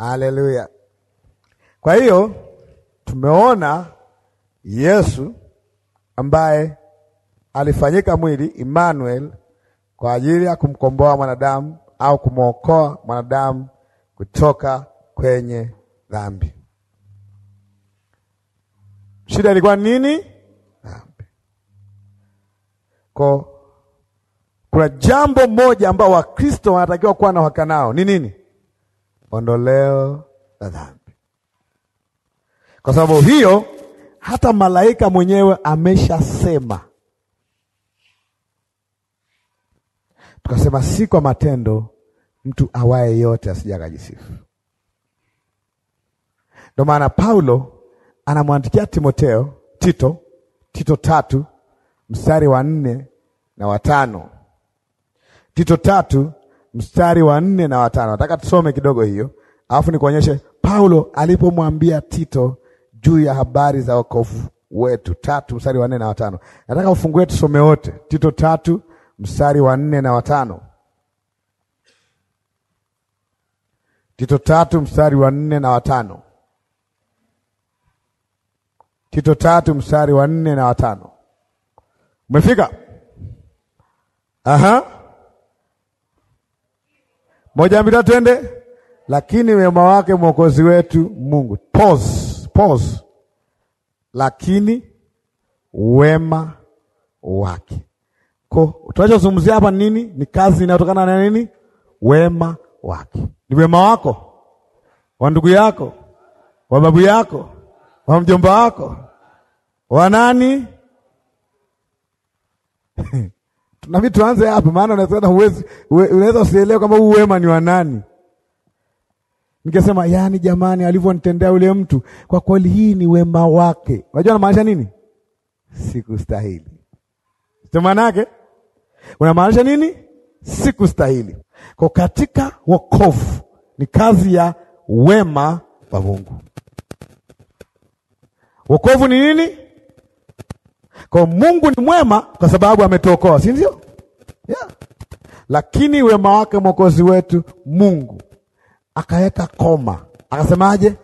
Haleluya! Kwa hiyo tumeona Yesu ambaye alifanyika mwili Emmanuel kwa ajili ya kumkomboa mwanadamu au kumwokoa mwanadamu kutoka kwenye dhambi. Shida ilikuwa nini? Dhambi. Kwa kuna jambo moja ambao Wakristo wanatakiwa kuwa na uhakika nao ni nini? ondoleo la dhambi, kwa sababu hiyo hata malaika mwenyewe ameshasema. Tukasema si kwa matendo mtu awaye yote asija akajisifu. Ndio maana Paulo anamwandikia Timoteo, Tito, Tito tatu mstari wa nne na watano Tito tatu mstari wa nne na watano. Nataka tusome kidogo hiyo, alafu nikuonyeshe Paulo alipomwambia Tito juu ya habari za wokovu wetu. Tatu mstari wa nne na watano, nataka ufungue tusome wote. Tito tatu mstari wa nne na watano. Tito tatu mstari wa nne na watano. Tito tatu mstari wa nne na watano. Umefika? Aha. Moja mbili twende. Lakini wema wake mwokozi wetu Mungu. Pause, pause. Lakini wema wake. Ko, tunachozungumzia hapa nini? Ni kazi inayotokana na nini? Wema wake. Ni wema wako wa ndugu yako wa babu yako wa mjomba wako wa nani? na mimi tuanze hapo, maana unaweza huwezi, unaweza usielewe kwamba huu wema ni wa nani. Nikisema yani, jamani, alivyonitendea yule mtu, kwa kweli hii ni wema wake. Unajua namaanisha nini? Sikustahili. Sio maana yake, unamaanisha nini? Sikustahili. Kwa katika wokovu ni kazi ya wema wa Mungu. Wokovu ni nini? Kwa Mungu ni mwema kwa sababu ametuokoa, si ndio? Yeah. Lakini wema wake mwokozi wetu Mungu akaweka koma, akasemaje?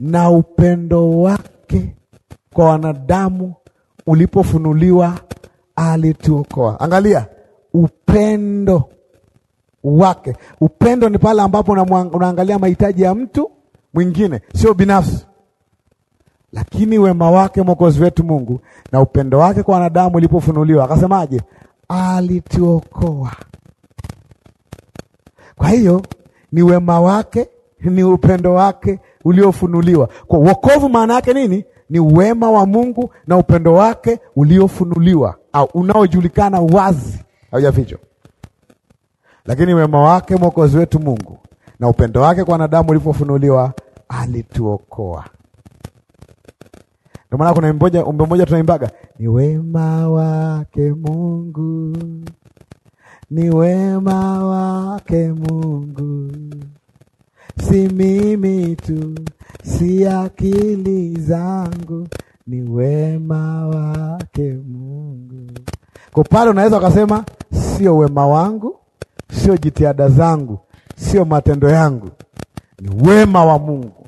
Na upendo wake kwa wanadamu ulipofunuliwa alituokoa. Angalia upendo wake. Upendo ni pale ambapo unaangalia mahitaji ya mtu mwingine, sio binafsi. Lakini wema wake Mwokozi wetu Mungu na upendo wake kwa wanadamu ulipofunuliwa, akasemaje? Alituokoa. Kwa hiyo ni wema wake, ni upendo wake uliofunuliwa. Kwa wokovu, maana yake nini? Ni wema wa Mungu na upendo wake uliofunuliwa au unaojulikana wazi, haujaficho. Lakini wema wake Mwokozi wetu Mungu na upendo wake kwa wanadamu ulipofunuliwa, alituokoa. Ndio maana kuna mmoja umbe mmoja tunaimbaga, ni wema wake Mungu, ni wema wake Mungu, si mimi tu, si akili zangu, ni wema wake Mungu. Kwa pale unaweza ukasema sio wema wangu, sio jitihada zangu, sio matendo yangu, ni wema wa Mungu.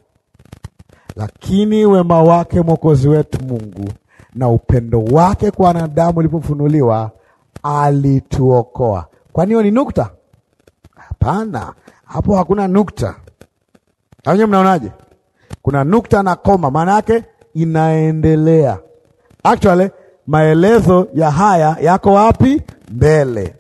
Lakini wema wake Mwokozi wetu Mungu na upendo wake kwa wanadamu ulipofunuliwa, alituokoa. Kwani hiyo ni nukta? Hapana, hapo hakuna nukta. Awenyewe mnaonaje? Kuna nukta na koma, maana yake inaendelea. Actually, maelezo ya haya yako wapi? Mbele.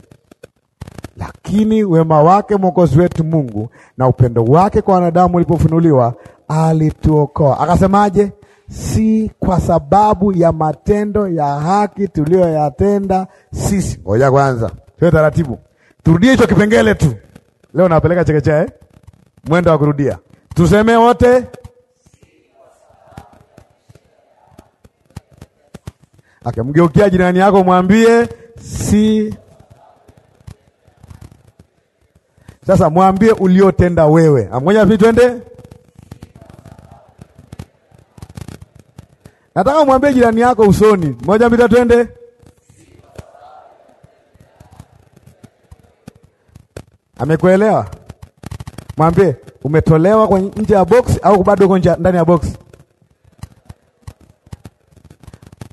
Lakini wema wake Mwokozi wetu Mungu na upendo wake kwa wanadamu ulipofunuliwa alituokoa. Akasemaje? Si kwa sababu ya matendo ya haki tuliyoyatenda sisi. Ngoja kwanza, sio taratibu, turudie hicho kipengele tu. Leo napeleka chekechea eh? Mwendo wa kurudia, tuseme wote okay, jirani yako mwambie si. Sasa mwambie uliotenda wewe. Amgoja, twende Nataka umwambie jirani yako usoni, moja mbili twende. Amekuelewa? Mwambie umetolewa kwa nje ya box au bado uko ndani ya box.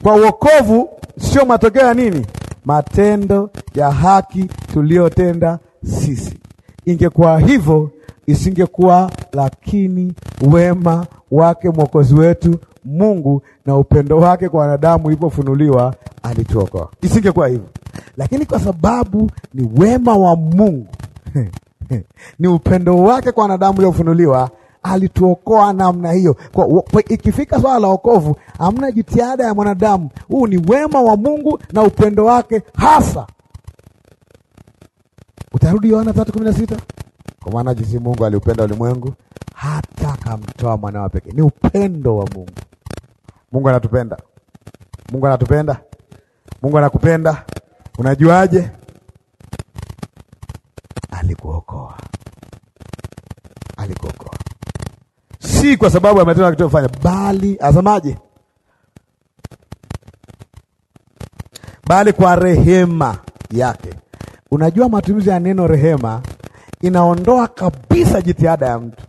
Kwa wokovu sio matokeo ya nini? Matendo ya haki tuliyotenda sisi. Ingekuwa hivyo isingekuwa, lakini wema wake mwokozi wetu Mungu na upendo wake kwa wanadamu ilipofunuliwa, alituokoa. Isingekuwa hivyo, lakini kwa sababu ni wema wa Mungu ni upendo wake kwa wanadamu uliofunuliwa, alituokoa namna hiyo. Kwa, kwa ikifika swala la wokovu, hamna jitihada ya mwanadamu. Huu ni wema wa Mungu na upendo wake hasa. Utarudi Yohana sita kwa maana jinsi Mungu aliupenda ulimwengu hata akamtoa mwanawe pekee. Ni upendo wa Mungu. Mungu anatupenda. Mungu anatupenda. Mungu anakupenda. Unajuaje? Alikuokoa, alikuokoa si kwa sababu ya matendo alichofanya, bali asemaje? Bali kwa rehema yake. Unajua, matumizi ya neno rehema inaondoa kabisa jitihada ya mtu.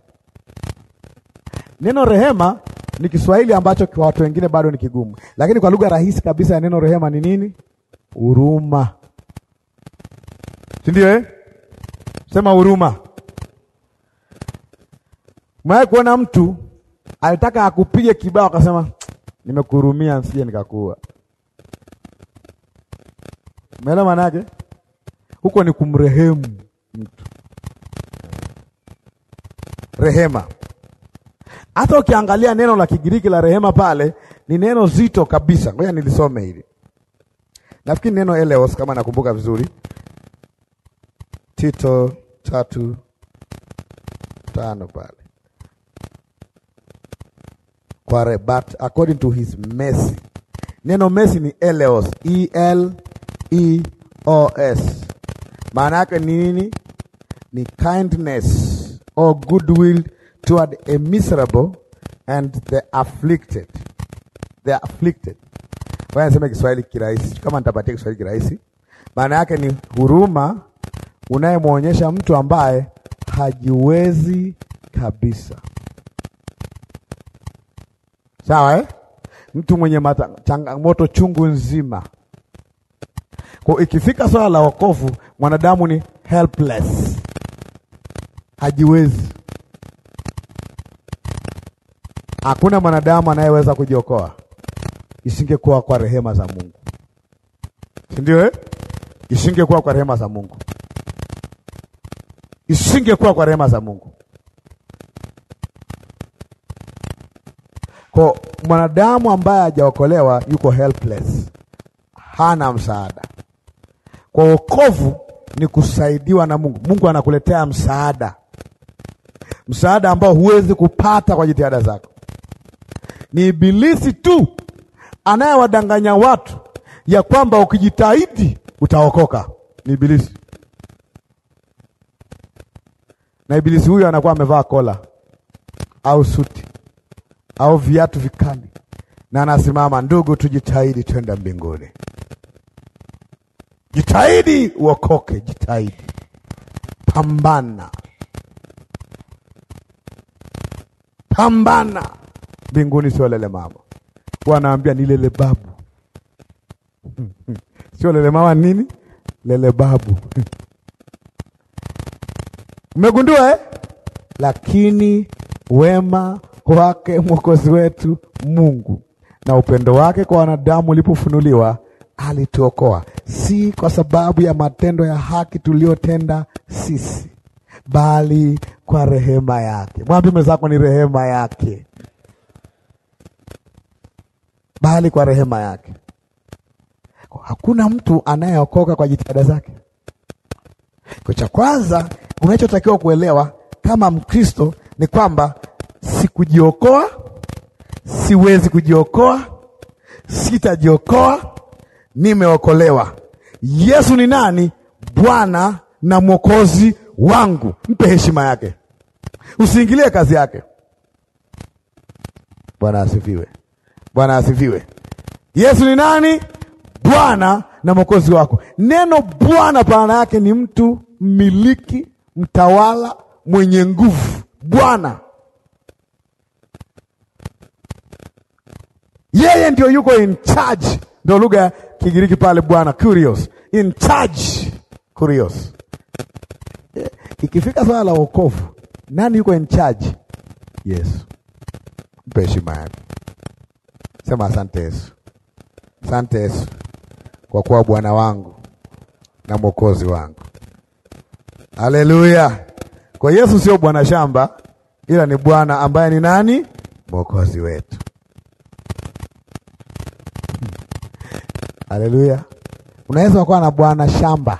Neno rehema ni Kiswahili ambacho kwa watu wengine bado ni kigumu, lakini kwa lugha rahisi kabisa ya neno rehema ni nini? Huruma, si ndio eh? Sema huruma. Mwae kuona mtu alitaka akupige kibao akasema nimekuhurumia, nsije nikakua Umeelewa maana yake? Huko ni kumrehemu mtu, rehema. Hata ukiangalia neno la Kigiriki la rehema pale ni neno zito kabisa. Ngoja nilisome hili. Nafikiri neno eleos kama nakumbuka vizuri. Tito tatu tano pale. Kwa but according to his mercy. Neno mercy ni eleos, E L E O S. Maana yake ni nini? Ni kindness or goodwill toward a miserable and the afflicted, the afflicted. Wacha niseme Kiswahili kirahisi, kama nitapatia Kiswahili kirahisi, maana yake ni huruma unayemwonyesha mtu ambaye hajiwezi kabisa. Sawa eh? Mtu mwenye mata, changamoto chungu nzima. Kwa ikifika swala la wokovu, mwanadamu ni helpless, hajiwezi Hakuna mwanadamu anayeweza kujiokoa, isingekuwa kwa rehema za Mungu, si ndio eh? Isingekuwa kwa rehema za Mungu, isingekuwa kwa rehema za Mungu. Kwa mwanadamu ambaye hajaokolewa yuko helpless, hana msaada. Kwa wokovu ni kusaidiwa na Mungu. Mungu anakuletea msaada, msaada ambao huwezi kupata kwa jitihada zako. Ni Ibilisi tu anayewadanganya watu ya kwamba ukijitahidi utaokoka. Ni Ibilisi, na Ibilisi huyo anakuwa amevaa kola au suti au viatu vikali, na anasimama, ndugu, tujitahidi twenda mbinguni, jitahidi uokoke, jitahidi pambana, pambana Mbinguni sio lele mama, wanaambia ni lele babu sio lele mama nini, lele babu umegundua eh? Lakini wema wake mwokozi wetu Mungu na upendo wake kwa wanadamu ulipofunuliwa alituokoa, si kwa sababu ya matendo ya haki tuliyotenda sisi, bali kwa rehema yake. Mwambie mwenzako ni rehema yake bali kwa rehema yake. Hakuna mtu anayeokoka kwa jitihada zake. Kwa cha kwanza unachotakiwa kuelewa kama Mkristo ni kwamba sikujiokoa, siwezi kujiokoa, sitajiokoa, nimeokolewa. Yesu ni nani? Bwana na mwokozi wangu. Mpe heshima yake, usiingilie kazi yake. Bwana asifiwe. Bwana asifiwe. Yesu ni nani? Bwana na mwokozi wako. Neno Bwana pana yake ni mtu mmiliki, mtawala, mwenye nguvu. Bwana yeye ndio yuko in charge, ndio lugha ya Kigiriki pale. Bwana kurios, in charge kurios. Ikifika swala la wokovu, nani yuko in charge? Yesu. Mpe heshima yake. Sema asante Yesu, asante Yesu kwa kuwa Bwana wangu na Mwokozi wangu. Haleluya! Kwa Yesu sio bwana shamba, ila ni Bwana ambaye ni nani? Mwokozi wetu. Hmm. Haleluya! Unaweza kuwa na bwana shamba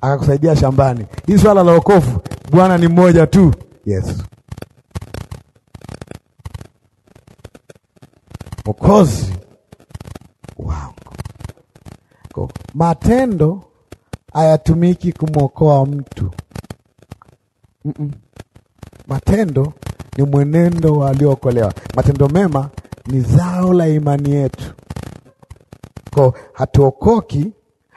akakusaidia shambani. Hii swala la wokovu, Bwana ni mmoja tu, Yesu. mwokozi wangu. Kwa matendo hayatumiki kumwokoa mtu mm -mm. Matendo ni mwenendo waliookolewa. Matendo mema ni zao la imani yetu. Kwa hatuokoki,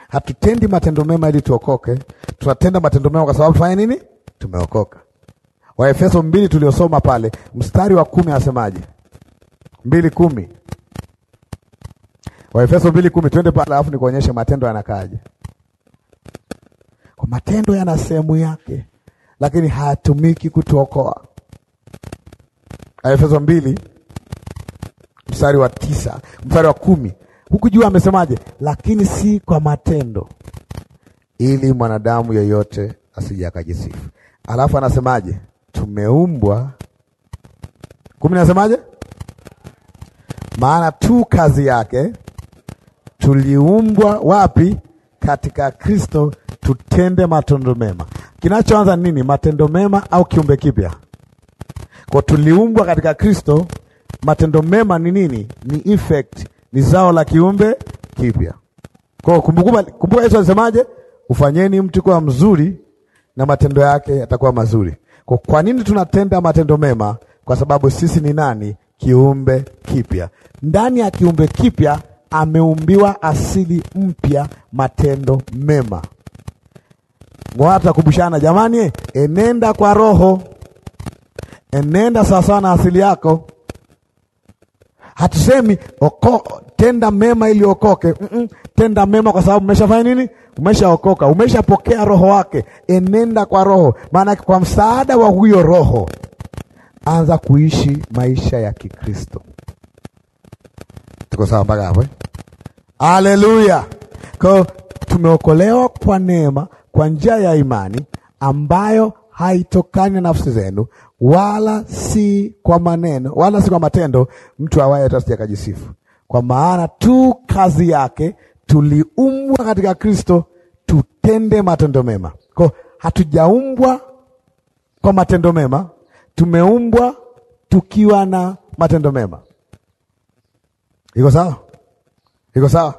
hatutendi matendo mema ili tuokoke, tunatenda matendo mema kwa sababu fanya nini? Tumeokoka. Waefeso mbili tuliosoma pale mstari wa kumi asemaje? mbili kumi Waefeso 2:10 twende pale alafu nikuonyeshe matendo yanakaaje. Kwa matendo yana sehemu yake, lakini hayatumiki kutuokoa. Waefeso mbili mstari wa tisa mstari wa kumi huku juu amesemaje? Lakini si kwa matendo, ili mwanadamu yeyote asije akajisifu. Alafu anasemaje? Tumeumbwa kumi, nasemaje? Maana tu kazi yake tuliumbwa wapi? Katika Kristo tutende matendo mema. Kinachoanza nini? Matendo mema au kiumbe kipya? Kwa tuliumbwa katika Kristo, matendo mema ni nini? Ni effect, ni zao la kiumbe kipya. Kwa kumbuka, kumbuka Yesu alisemaje? Ufanyeni mtu kuwa mzuri na matendo yake yatakuwa mazuri. Kwa, kwa nini tunatenda matendo mema? Kwa sababu sisi ni nani? Kiumbe kipya. Ndani ya kiumbe kipya ameumbiwa asili mpya, matendo mema. Ngoja jamani, enenda kwa Roho, enenda sawasawa na asili yako. Hatusemi oko, tenda mema ili okoke. mm -mm, tenda mema kwa sababu umeshafanya nini? Umeshaokoka, umeshapokea roho wake. Enenda kwa Roho, maana kwa msaada wa huyo Roho anza kuishi maisha ya Kikristo. Tuko sawa mpaka hapo? Eh? Haleluya! Kwa tumeokolewa kwa neema kwa njia ya imani ambayo haitokani na nafsi zenu, wala si kwa maneno, wala si kwa matendo, mtu awaye atasije akajisifu. Kwa maana tu kazi yake tuliumbwa katika Kristo tutende matendo mema. Kwa hatujaumbwa kwa matendo mema, tumeumbwa tukiwa na matendo mema. Iko sawa? Iko sawa?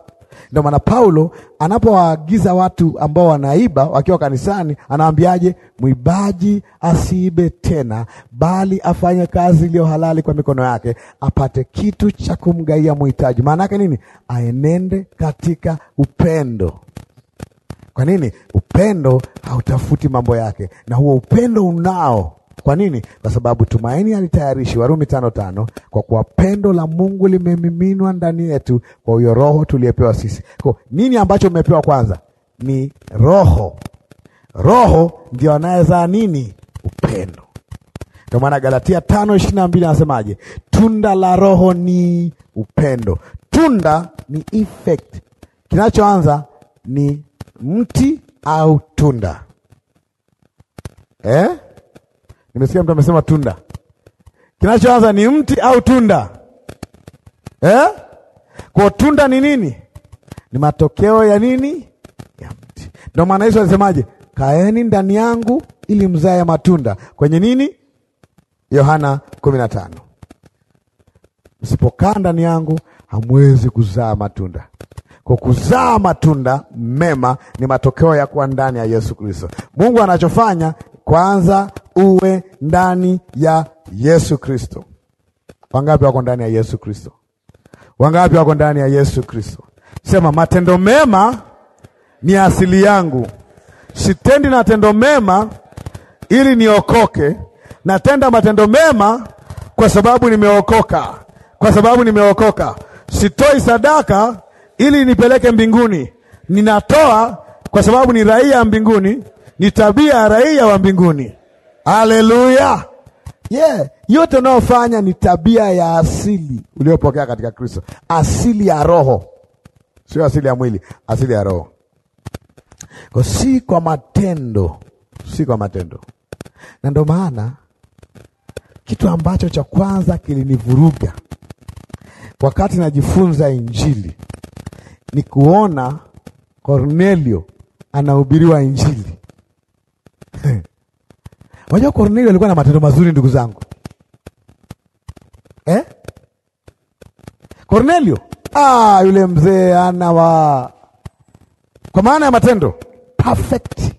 Ndio maana Paulo anapowaagiza watu ambao wanaiba wakiwa kanisani, anawaambiaje? Mwibaji asiibe tena, bali afanye kazi iliyo halali kwa mikono yake, apate kitu cha kumgaia mhitaji. Maana yake nini? Aenende katika upendo. Kwa nini? Upendo hautafuti mambo yake, na huo upendo unao kwa nini? Kwa sababu tumaini alitayarishi, Warumi tano tano, kwa kuwa pendo la Mungu limemiminwa ndani yetu kwa huyo Roho tuliyepewa sisi. Kwa nini ambacho umepewa kwanza ni Roho. Roho ndio anayezaa nini? Upendo. Ndio maana Galatia tano ishirini na mbili anasemaje? Tunda la Roho ni upendo. Tunda ni effect, kinachoanza ni mti au tunda eh? Nimesikia mtu amesema tunda. Kinachoanza ni mti au tunda eh? Kwa tunda ni nini? Ni matokeo ya nini? Ya mti. Ndio maana Yesu alisemaje? Kaeni ndani yangu ili mzae matunda. Kwenye nini? Yohana kumi na tano. Msipokaa ndani yangu hamwezi kuzaa matunda. Kwa kuzaa matunda mema ni matokeo ya kuwa ndani ya Yesu Kristo. Mungu anachofanya kwanza uwe ndani ya Yesu Kristo. Wangapi wako ndani ya Yesu Kristo? Wangapi wako ndani ya Yesu Kristo? Sema, matendo mema ni asili yangu, sitendi matendo mema ili niokoke, natenda matendo mema kwa sababu nimeokoka, kwa sababu nimeokoka. Sitoi sadaka ili nipeleke mbinguni, ninatoa kwa sababu ni raia mbinguni, ni tabia ya raia wa mbinguni. Haleluya! yeah. Yote unayofanya ni tabia ya asili uliyopokea katika Kristo, asili ya roho, sio asili ya mwili, asili ya roho. Kwa si kwa matendo, si kwa matendo. Na ndio maana kitu ambacho cha kwanza kilinivuruga wakati najifunza Injili ni kuona Kornelio anahubiriwa Injili Wajua Kornelio alikuwa na matendo mazuri ndugu zangu eh? Kornelio ah, yule mzee ana wa kwa maana ya matendo perfect,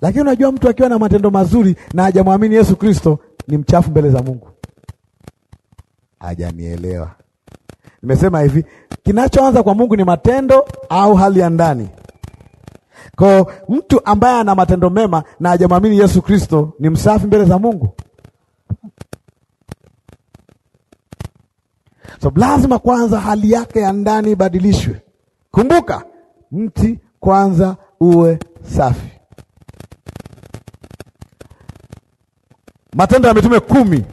lakini unajua mtu akiwa na matendo mazuri na hajamwamini Yesu Kristo ni mchafu mbele za Mungu. Hajanielewa. Nimesema hivi, kinachoanza kwa Mungu ni matendo au hali ya ndani? Kwa mtu ambaye ana matendo mema na hajamwamini Yesu Kristo ni msafi mbele za Mungu. So lazima kwanza hali yake ya ndani ibadilishwe. Kumbuka, mti kwanza uwe safi. Matendo ya Mitume kumi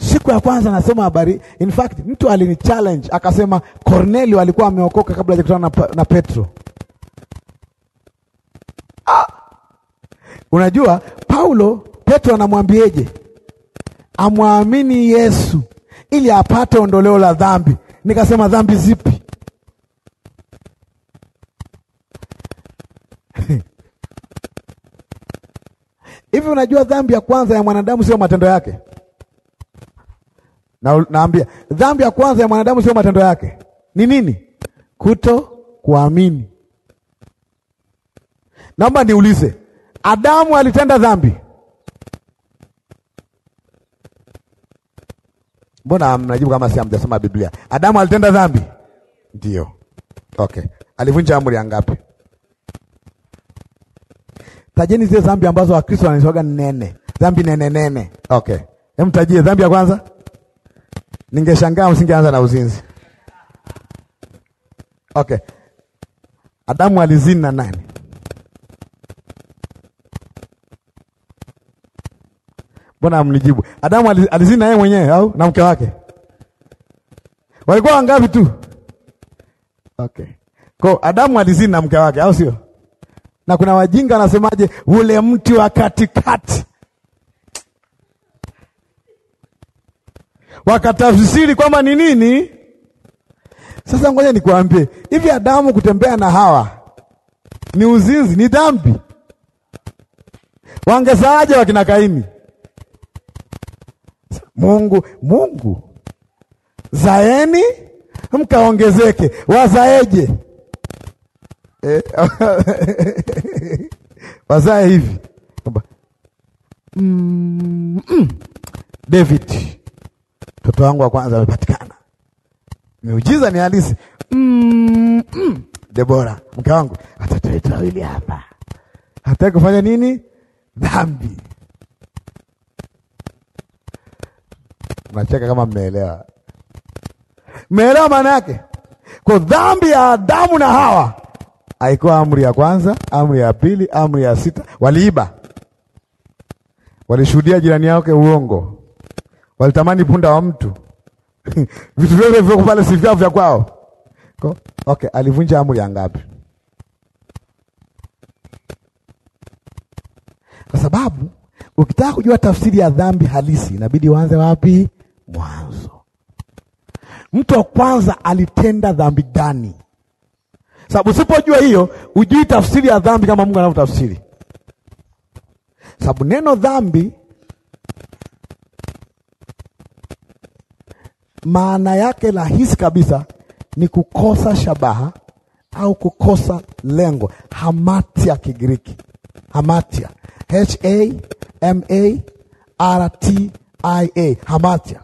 siku ya kwanza nasema habari. In fact, mtu alini challenge akasema Kornelio alikuwa ameokoka kabla hajakutana na, na Petro. Unajua Paulo Petro anamwambieje? Amwamini Yesu ili apate ondoleo la dhambi. Nikasema dhambi zipi? Hivi unajua dhambi ya kwanza ya mwanadamu sio matendo yake? Na, naambia dhambi ya kwanza ya mwanadamu sio matendo yake. Ni nini? Kuto kuamini. Naomba niulize Adamu alitenda dhambi. Mbona mnajibu kama si hamjasoma Biblia? Adamu alitenda dhambi, ndio. Okay, alivunja amri ngapi? Tajeni zile dhambi ambazo Wakristo wanaziwaga nene, dhambi nene nene. Okay, hem, tajie dhambi ya kwanza. Ningeshangaa msingeanza na uzinzi. Okay, Adamu alizini na nani? Mbona amnijibu? Adamu na yeye mwenyewe au na mke wake? Walikuwa wangapi tu? Okay. Kwa Adamu alizini na mke wake au sio? Na kuna wajinga wanasemaje ule mti wa katikati. Wakatafsiri kwamba ni nini? Sasa ngoja nikuambie, hivi Adamu kutembea na Hawa ni uzinzi, ni dhambi. Wangezaaje wakina Kaini? Mungu Mungu, zaeni mkaongezeke. Wazaeje? eh, wazae hivi mm -mm. David mtoto wangu wa kwanza amepatikana, miujiza ni halisi mm -mm. Debora mke wangu, watoto wetu wawili hapa, hataki kufanya nini dhambi Nacheka kama mmeelewa. Mmeelewa maana yake? Kwa dhambi ya Adamu na Hawa haikuwa amri ya kwanza, amri ya pili, amri ya sita. Waliiba, walishuhudia jirani yake uongo, walitamani punda wa mtu vitu vyote vyo pale, si vyao vya kwao. Okay, alivunja amri ya ngapi? Kwa sababu ukitaka kujua tafsiri ya dhambi halisi inabidi uanze wapi? mwanzo. Mtu wa kwanza alitenda dhambi gani? Sababu usipojua hiyo, ujui tafsiri ya dhambi kama Mungu anavyotafsiri. Sababu neno dhambi maana yake rahisi kabisa ni kukosa shabaha au kukosa lengo. Hamatia Kigiriki, hamatia, H A M A R T ia Hamatia.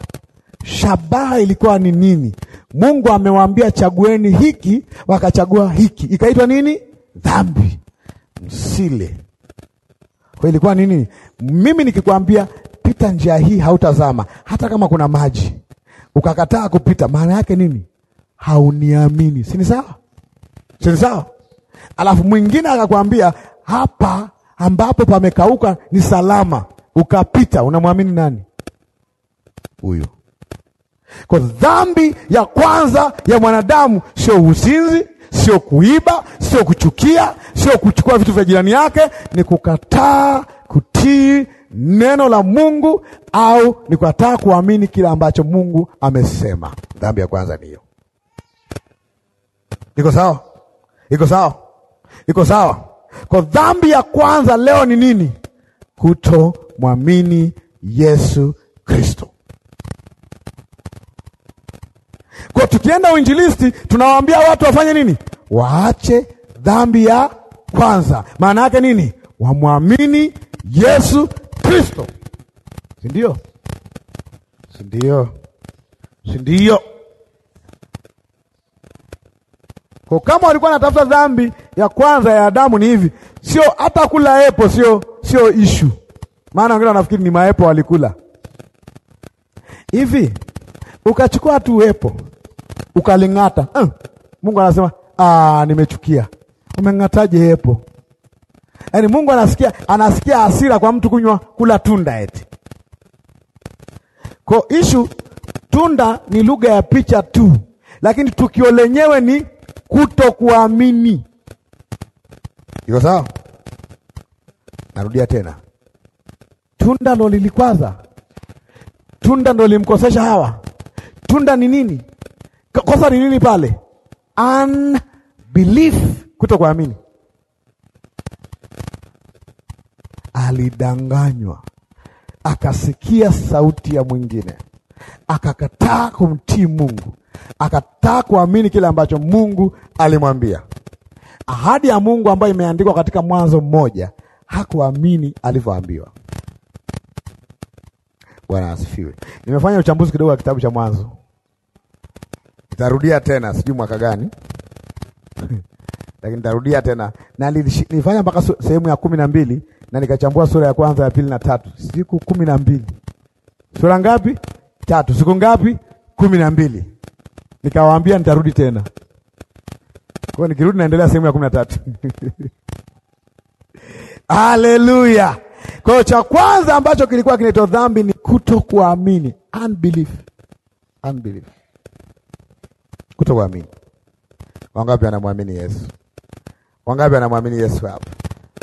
Shabaha ilikuwa ni nini? Mungu amewaambia chagueni hiki, wakachagua hiki, ikaitwa nini? Dhambi, msile. Kwa ilikuwa nini? Mimi nikikwambia pita njia hii, hautazama hata kama kuna maji, ukakataa kupita, maana yake nini? Hauniamini, si ni sawa? Si ni sawa? Alafu mwingine akakwambia hapa ambapo pamekauka ni salama, ukapita, unamwamini nani? huyu. Kwa dhambi ya kwanza ya mwanadamu sio uzinzi, sio kuiba, sio kuchukia, sio kuchukua vitu vya jirani yake, ni kukataa kutii neno la Mungu au ni kukataa kuamini kile ambacho Mungu amesema. Dhambi ya kwanza ni hiyo. Iko sawa? Iko sawa? Iko sawa? Kwa dhambi ya kwanza leo ni nini? kuto mwamini Yesu Kristo. Kwa tukienda uinjilisti, tunawaambia watu wafanye nini? Waache dhambi ya kwanza. Maana yake nini? Wamwamini Yesu Kristo, si ndio? Si ndio? Si ndio? Kwa kama walikuwa natafuta dhambi ya kwanza ya Adamu ni hivi, sio hata kula epo, sio sio ishu. Maana wengine wanafikiri ni maepo walikula hivi, ukachukua tu epo ukaling'ata. Uh, Mungu anasema ah, nimechukia. Umeng'ataje hepo? Yaani Mungu anasikia, anasikia hasira kwa mtu kunywa kula tunda eti. Kwa ishu tunda ni lugha ya picha tu, lakini tukio lenyewe ni kuto kuamini. Iko sawa? Narudia tena, tunda ndo lilikwaza, tunda ndo limkosesha Hawa. Tunda ni nini? Kosa ni nini pale? Unbelief, kuto kuamini. Alidanganywa, akasikia sauti ya mwingine, akakataa kumtii Mungu, akataa kuamini kile ambacho Mungu alimwambia. Ahadi ya Mungu ambayo imeandikwa katika Mwanzo mmoja, hakuamini alivyoambiwa. Bwana asifiwe. Nimefanya uchambuzi kidogo wa kitabu cha Mwanzo nitarudia tena, sijui mwaka gani lakini nitarudia tena, na nilifanya mpaka sehemu ya kumi na mbili na nikachambua sura ya kwanza ya pili na tatu, siku kumi na mbili. Sura ngapi? Tatu. Siku ngapi? kumi na mbili. Nikawaambia nitarudi tena, kwa nikirudi naendelea sehemu ya kumi na tatu. Haleluya! Kwa hiyo cha kwanza ambacho kilikuwa kinaitwa dhambi ni kuto kuamini, unbelief, unbelief kutokuamini. Wangapi wanamwamini Yesu? Wangapi wanamwamini Yesu hapa?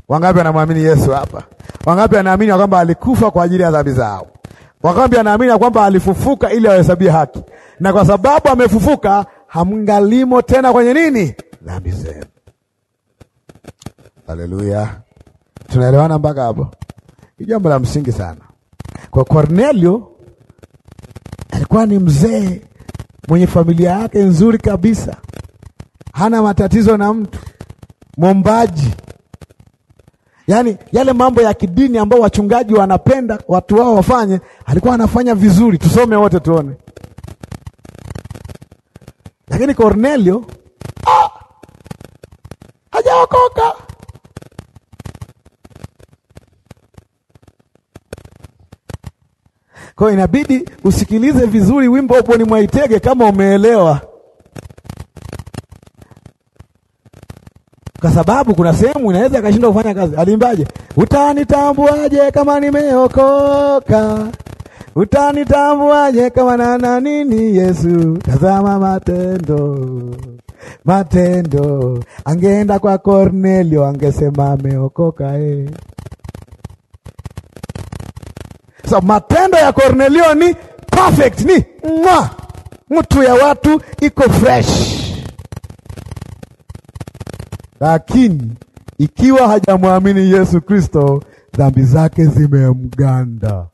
Wangapi wanamwamini Yesu hapa? Wangapi wanaamini kwamba alikufa kwa ajili ya dhambi zao? Wangapi wanaamini kwamba alifufuka ili awahesabie haki, na kwa sababu amefufuka hamngalimo tena kwenye nini? Dhambi zenu. Haleluya, tunaelewana mpaka hapo? Ni jambo la msingi sana. Kwa Cornelio alikuwa ni mzee mwenye familia yake nzuri kabisa, hana matatizo na mtu, mombaji. Yaani yale mambo ya kidini ambayo wachungaji wanapenda watu wao wafanye, alikuwa anafanya vizuri. Tusome wote tuone. Lakini Cornelio ah! hajaokoka. Kwa hiyo inabidi usikilize vizuri wimbo upo ni mwaitege kama umeelewa, kwa sababu kuna sehemu inaweza kashinda kufanya kazi. Alimbaje? Utanitambuaje kama nimeokoka utanitambuaje kama nana nini? Yesu, tazama matendo, matendo. Angeenda kwa Kornelio angesema ameokoka eh so, matendo ya Kornelio ni perfect, ni mwa mtu ya watu iko fresh, lakini ikiwa hajamwamini Yesu Kristo, dhambi zake zimemganda.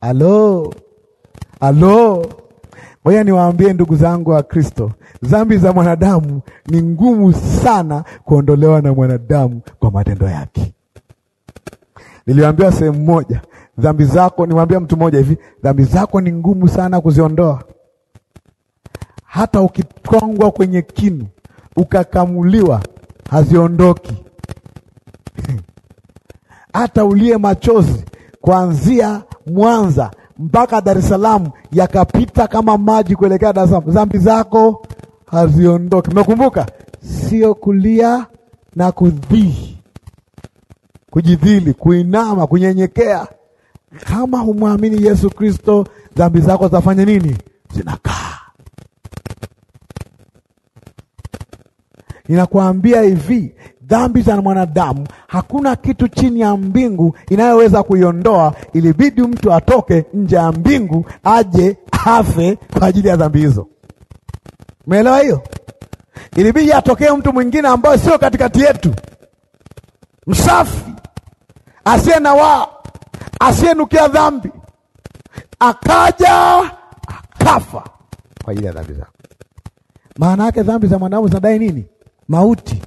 Alo, alo, ngoja niwaambie ndugu zangu wa Kristo, dhambi za mwanadamu ni ngumu sana kuondolewa na mwanadamu kwa matendo yake. Niliwaambia sehemu moja, dhambi zako, nimwambia mtu mmoja hivi, dhambi zako ni ngumu sana kuziondoa. Hata ukitwangwa kwenye kinu ukakamuliwa, haziondoki. Hata ulie machozi kuanzia Mwanza mpaka Dar es Salaam yakapita kama maji kuelekea Dar es Salaam, dhambi zako haziondoki. Mmekumbuka, sio kulia na kudhii kujidhili, kuinama, kunyenyekea. Kama humwamini Yesu Kristo, dhambi zako zafanya nini? Zinakaa. Ninakuambia hivi, dhambi za mwanadamu hakuna kitu chini ya mbingu inayoweza kuiondoa. Ilibidi mtu atoke nje ya mbingu aje afe kwa ajili ya dhambi hizo. Umeelewa hiyo? Ilibidi atokee mtu mwingine ambaye sio katikati yetu, msafi asiye na waa, asiyenukia dhambi, akaja akafa kwa ajili ya dhambi zako. Maana yake dhambi za mwanadamu zinadai nini? Mauti.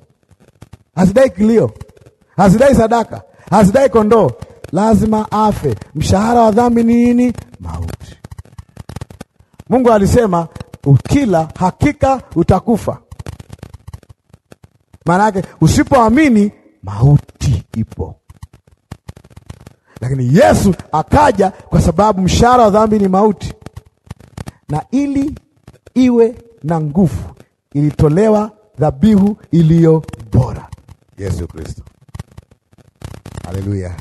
Hazidai kilio, hazidai sadaka, hazidai kondoo, lazima afe. Mshahara wa dhambi ni nini? Mauti. Mungu alisema ukila hakika utakufa. Maana yake usipoamini mauti ipo lakini Yesu akaja kwa sababu mshahara wa dhambi ni mauti, na ili iwe na nguvu ilitolewa dhabihu iliyo bora, Yesu Kristo. Haleluya,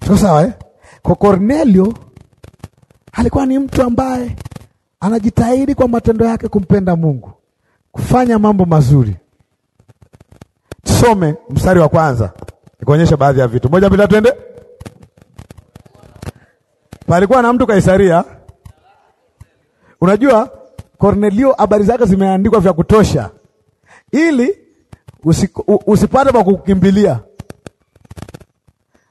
tuko sawa eh? Kwa Kornelio alikuwa ni mtu ambaye anajitahidi kwa matendo yake kumpenda Mungu, kufanya mambo mazuri. Tusome mstari wa kwanza nikuonyesha baadhi ya vitu. Moja, mbili, twende. Palikuwa na mtu Kaisaria. Unajua Kornelio habari zake zimeandikwa vya kutosha ili usipate pa kukimbilia.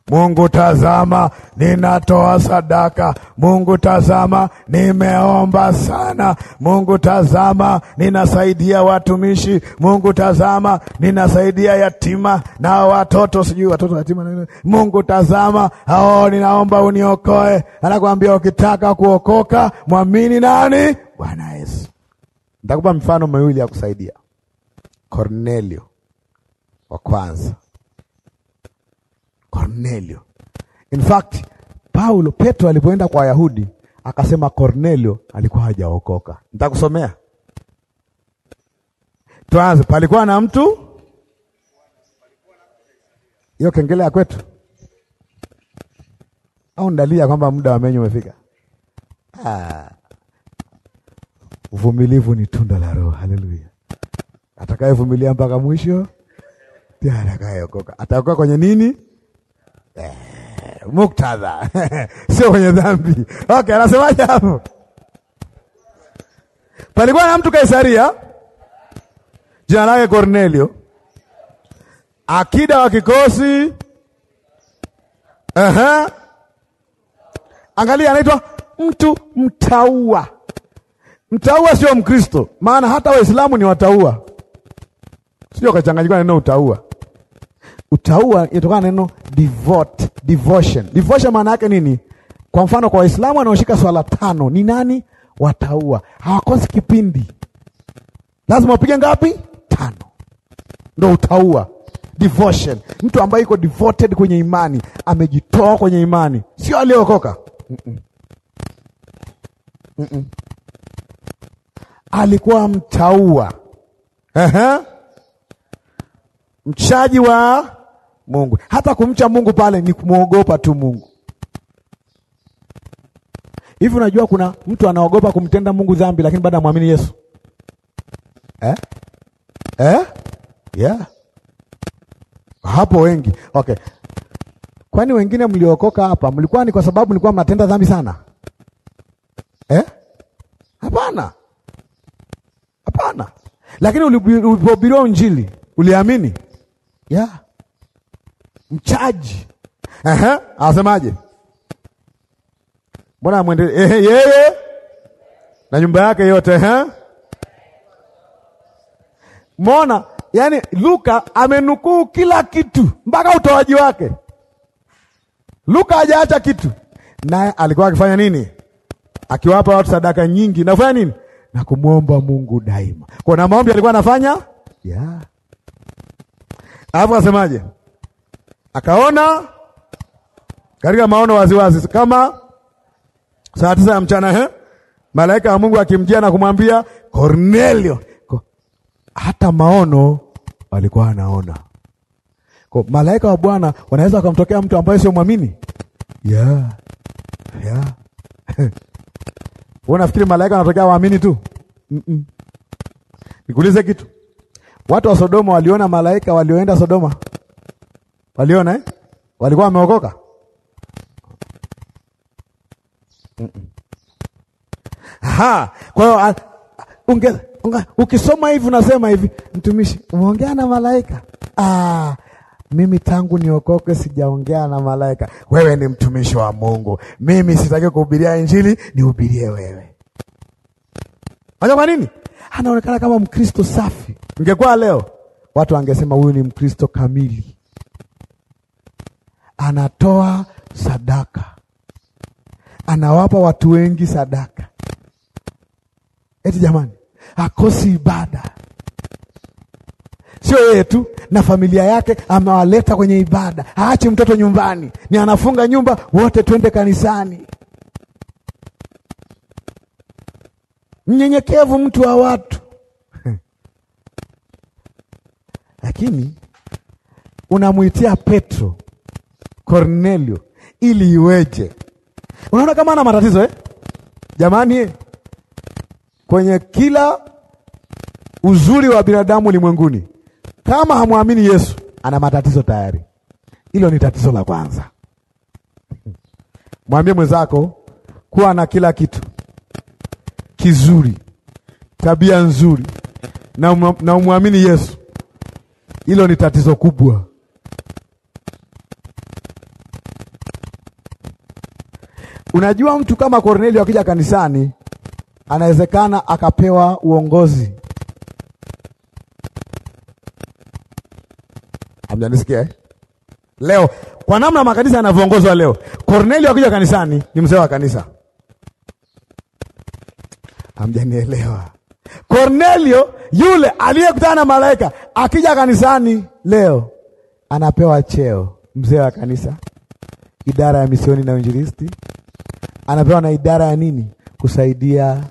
Mungu tazama, ninatoa sadaka. Mungu tazama, nimeomba sana. Mungu tazama, ninasaidia watumishi. Mungu tazama, ninasaidia yatima na watoto, sijui watoto yatima na Mungu tazama, hao ninaomba uniokoe. Anakuambia ukitaka kuokoka mwamini nani? Bwana Yesu. Nitakupa mfano miwili ya kusaidia. Kornelio wa kwanza Cornelio. In fact, Paulo Petro alipoenda kwa Wayahudi akasema Cornelio alikuwa hajaokoka. Nitakusomea. Tuanze, palikuwa na mtu hiyo kengele ya kwetu au ndalia kwamba muda wa menyu umefika. Ah. Uvumilivu ni tunda la Roho. Haleluya! atakayevumilia mpaka mwisho pia atakayeokoka. Ataokoka kwenye nini? Eh, muktadha sio kwenye dhambi. Okay, anasemaje hapo? Palikuwa na mtu Kaisaria, jina lake Cornelio, akida wa kikosi Aha. Angalia, anaitwa mtu mtaua. Mtaua sio Mkristo, maana hata Waislamu ni wataua, sio kachanganyikana neno utaua. Utaua inatokana neno devote, devotion. Devotion maana yake nini? Kwa mfano, kwa Waislamu wanaoshika swala tano ni nani? Wataua, hawakosi kipindi, lazima wapige ngapi? Tano. Ndo utaua, devotion. Mtu ambaye yuko devoted kwenye imani, amejitoa kwenye imani, sio aliyeokoka. mm -mm. mm -mm. Alikuwa mtaua. uh -huh mchaji wa Mungu. Hata kumcha Mungu pale ni kumwogopa tu Mungu. Hivi unajua kuna mtu anaogopa kumtenda Mungu dhambi, lakini bado amwamini Yesu eh? Eh? Yeah. Hapo wengi okay. Kwani wengine mliokoka hapa mlikuwa ni kwa sababu mlikuwa mnatenda dhambi sana eh? Hapana, hapana, lakini ulipohubiriwa Injili uliamini yeah. Mchaji uh-huh. asemaje? Mbona amwendelee eh, eh, yeye na nyumba yake yote ehe. Uh-huh. Mbona yani, Luka amenukuu kila kitu mpaka utoaji wake. Luka hajaacha kitu, naye alikuwa akifanya nini? Akiwapa watu sadaka nyingi, nafanya nini? Na kumwomba Mungu daima. Kwa na maombi alikuwa anafanya yeah alafu asemaje? Akaona katika maono waziwazi wazi, kama saa tisa ya mchana he? Eh, malaika wa Mungu akimjia na kumwambia Kornelio. Hata maono walikuwa anaona Kwa malaika wa Bwana wanaweza wakamtokea mtu ambaye sio mwamini yeah. yeah. Unafikiri malaika anatokea waamini tu? mm -mm. Nikuulize kitu Watu wa Sodoma waliona malaika walioenda Sodoma, waliona eh? Walikuwa wameokoka mm -mm. Kwa hiyo ukisoma hivi unasema hivi, mtumishi, umeongea na malaika ah. Mimi tangu niokoke sijaongea na malaika. Wewe ni mtumishi wa Mungu, mimi sitaki kuhubiria Injili, nihubirie wewe. Aja, kwa nini? Anaonekana kama Mkristo safi Ingekuwa leo watu wangesema huyu ni Mkristo kamili, anatoa sadaka, anawapa watu wengi sadaka, eti jamani, hakosi ibada. Sio yeye tu, na familia yake amewaleta kwenye ibada. Haachi mtoto nyumbani, ni anafunga nyumba, wote twende kanisani. Mnyenyekevu, mtu wa watu lakini unamwitia Petro Kornelio ili iweje? Unaona kama ana matatizo eh? Jamani, kwenye kila uzuri wa binadamu ulimwenguni, kama hamwamini Yesu ana matatizo tayari. Hilo ni tatizo la kwanza. Mwambie mwenzako kuwa na kila kitu kizuri, tabia nzuri, na umwamini Yesu hilo ni tatizo kubwa. Unajua, mtu kama Kornelio akija kanisani, anawezekana akapewa uongozi. amjanisikia eh? Leo kwa namna makanisa yanavyoongozwa leo, Kornelio akija kanisani ni mzee wa kanisa. amjanielewa Kornelio yule aliyekutana na malaika akija kanisani leo anapewa cheo mzee wa kanisa, idara ya misioni na uinjilisti, anapewa na idara ya nini? Kusaidia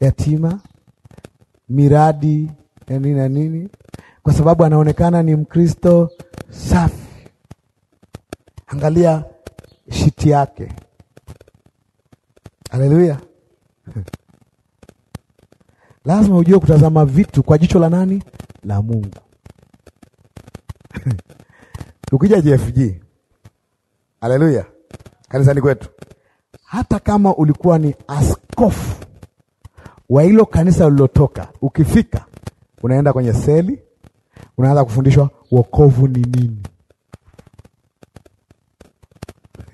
yatima, miradi ya nini na nini, kwa sababu anaonekana ni Mkristo safi. Angalia shiti yake. Haleluya! lazima ujue kutazama vitu kwa jicho la nani? La Mungu. Ukija JFG, haleluya, kanisani kwetu, hata kama ulikuwa ni askofu wa hilo kanisa ulilotoka, ukifika unaenda kwenye seli, unaanza kufundishwa wokovu ni nini.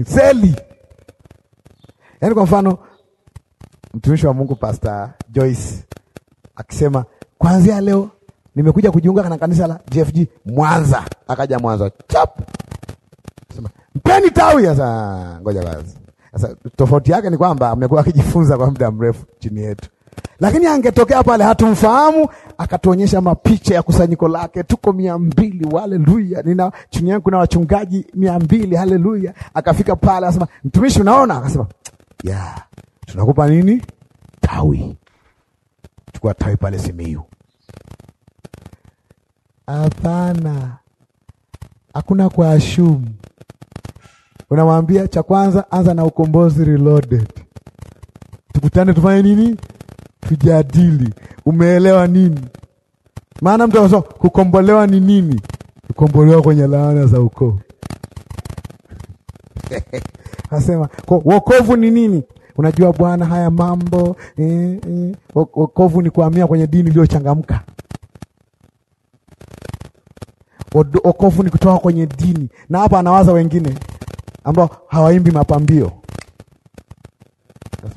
Seli yaani, kwa mfano mtumishi wa Mungu Pastor Joyce akisema kwanzia leo nimekuja kujiunga na kanisa la JFG Mwanza. Akaja Mwanza chap, sema mpeni tawi sasa. Ngoja basi sasa, tofauti yake ni kwamba amekuwa akijifunza kwa muda mrefu chini yetu, lakini angetokea pale hatumfahamu, akatuonyesha mapicha ya kusanyiko lake, tuko mia mbili, haleluya. Nina chini yangu kuna wachungaji mia mbili, haleluya. Akafika pale akasema, mtumishi, unaona? Akasema yeah, tunakupa nini tawi kuchukua tawi pale Simiyu. Hapana, hakuna kuashumu. Unamwambia cha kwanza, anza na ukombozi reloaded, tukutane tufanye nini, tujadili. Umeelewa nini maana? Mtu anasema kukombolewa ni nini? Kukombolewa kwenye laana za ukoo Asema wokovu ni nini? Unajua bwana, haya mambo eh, eh. Wokovu ni kuhamia kwenye dini iliyochangamka. Wokovu ni kutoka kwenye dini, na hapa anawaza wengine ambao hawaimbi mapambio.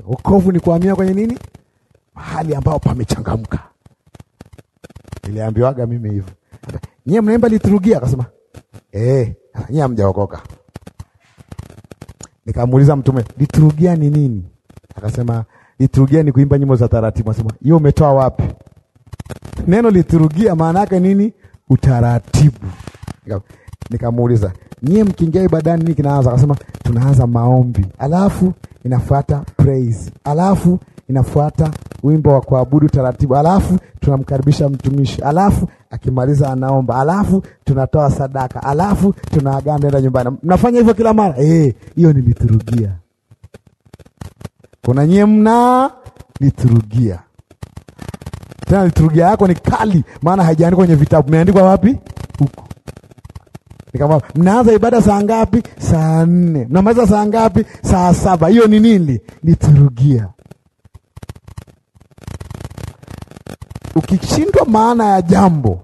Wokovu ni kuhamia kwenye nini? Mahali ambao pamechangamka. Niliambiwaga mimi hivyo, nyie mnaimba liturugia, akasema eh, nyie hamjaokoka. Nikamuuliza mtume, liturugia ni nini? Akasema liturugia ni kuimba nyimbo za taratibu. Asema hiyo umetoa wapi? Neno liturugia maana yake nini? Utaratibu. Nikamuuliza, nyie mkiingia ibadani nini kinaanza? Akasema tunaanza maombi, alafu inafuata praise, alafu inafuata wimbo wa kuabudu taratibu, alafu tunamkaribisha mtumishi, alafu akimaliza anaomba, alafu tunatoa sadaka, alafu tunaagana, nenda nyumbani. Mnafanya hivyo kila mara eh? Hiyo ni liturugia. Kuna nyie mna liturugia, tena liturugia yako ni kali, maana haijaandikwa kwenye vitabu. Imeandikwa wapi? Huko kama mnaanza ibada saa ngapi? Saa nne. Mnamaliza saa ngapi? Saa saba. Hiyo ni nini? Liturujia. Ukishindwa maana ya jambo,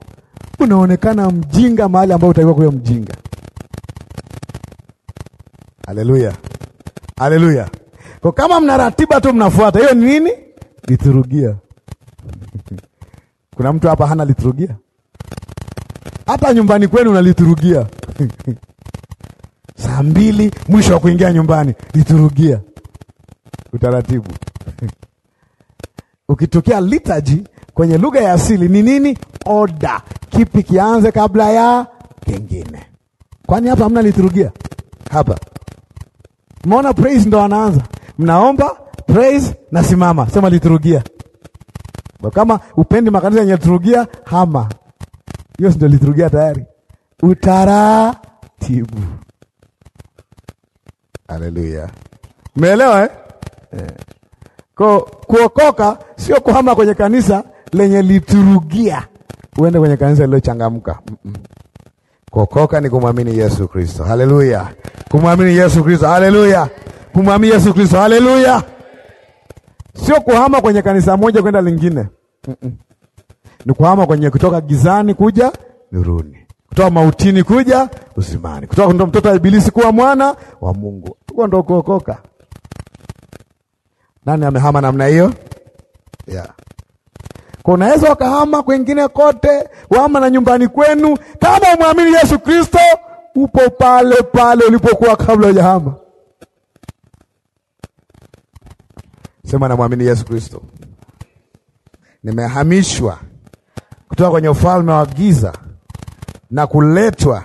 unaonekana mjinga mahali ambapo utakiwa kuwa mjinga. Haleluya, haleluya! Kwa kama mna ratiba tu mnafuata, hiyo ni nini? Liturugia. Kuna mtu hapa hana liturugia Hata nyumbani kwenu liturugia? saa mbili mwisho wa kuingia nyumbani, liturugia utaratibu. Ukitokea litaji kwenye lugha ya asili ni nini? Oda, kipi kianze kabla ya kingine? Kwani hapa hamna liturugia hapa? Mnaona praise ndo anaanza, mnaomba praise, nasimama sema liturugia Kama upendi makanisa yenye liturujia, hama hiyo, ndio liturujia tayari, utaratibu. Haleluya, umeelewa eh? Eh. Ko, kuokoka sio kuhama kwenye kanisa lenye liturugia uende kwenye kanisa lilochangamka. kokoka ni kumwamini Yesu Kristo. Haleluya! Kumwamini Yesu Kristo. Haleluya! Kumwamini Yesu Kristo. Haleluya! Sio kuhama kwenye kanisa moja kwenda lingine. Ni kuhama kwenye kutoka gizani kuja nuruni, kutoka mautini kuja uzimani, kutoka ndo mtoto wa Ibilisi kuwa mwana wa Mungu. Huko ndo kuokoka. Nani amehama namna hiyo? Yeah. Kwa unaweza ukahama kwengine kote, wama na nyumbani kwenu, kama umwamini Yesu Kristo upo pale pale ulipokuwa kabla hujahama. Sema namwamini Yesu Kristo, nimehamishwa kutoka kwenye ufalme wa giza na kuletwa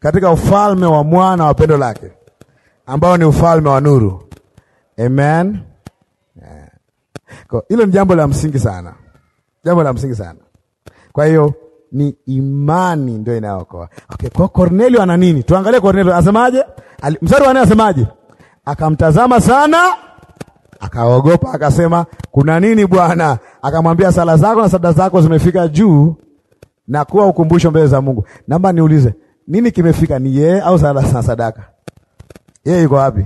katika ufalme wa mwana wa pendo lake ambao ni ufalme wa nuru. Amen. Hilo ni jambo la msingi sana jambo la msingi sana. Kwa hiyo ni imani ndio inayookoa. Okay, kwa Kornelio ana nini? Tuangalie Kornelio anasemaje? Mstari wa nne anasemaje? Akamtazama sana akaogopa, akasema kuna nini Bwana? Akamwambia, sala zako na sadaka zako zimefika juu na kuwa ukumbusho mbele za Mungu. Naomba niulize, nini kimefika? Ni yeye au sala na sadaka? Yeye yuko wapi?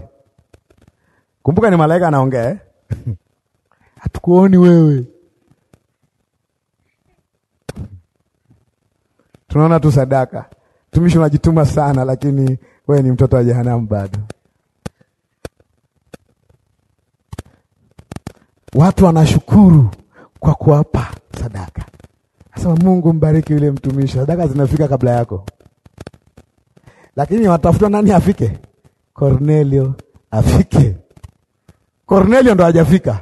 Kumbuka ni malaika anaongea, eh? hatukuoni wewe tunaona tu sadaka. Mtumishi unajituma sana, lakini wewe ni mtoto wa jehanamu bado. Watu wanashukuru kwa kuwapa sadaka. Sasa Mungu mbariki yule mtumishi, sadaka zinafika kabla yako, lakini watafuta nani afike. Cornelio afike. Cornelio ndo hajafika,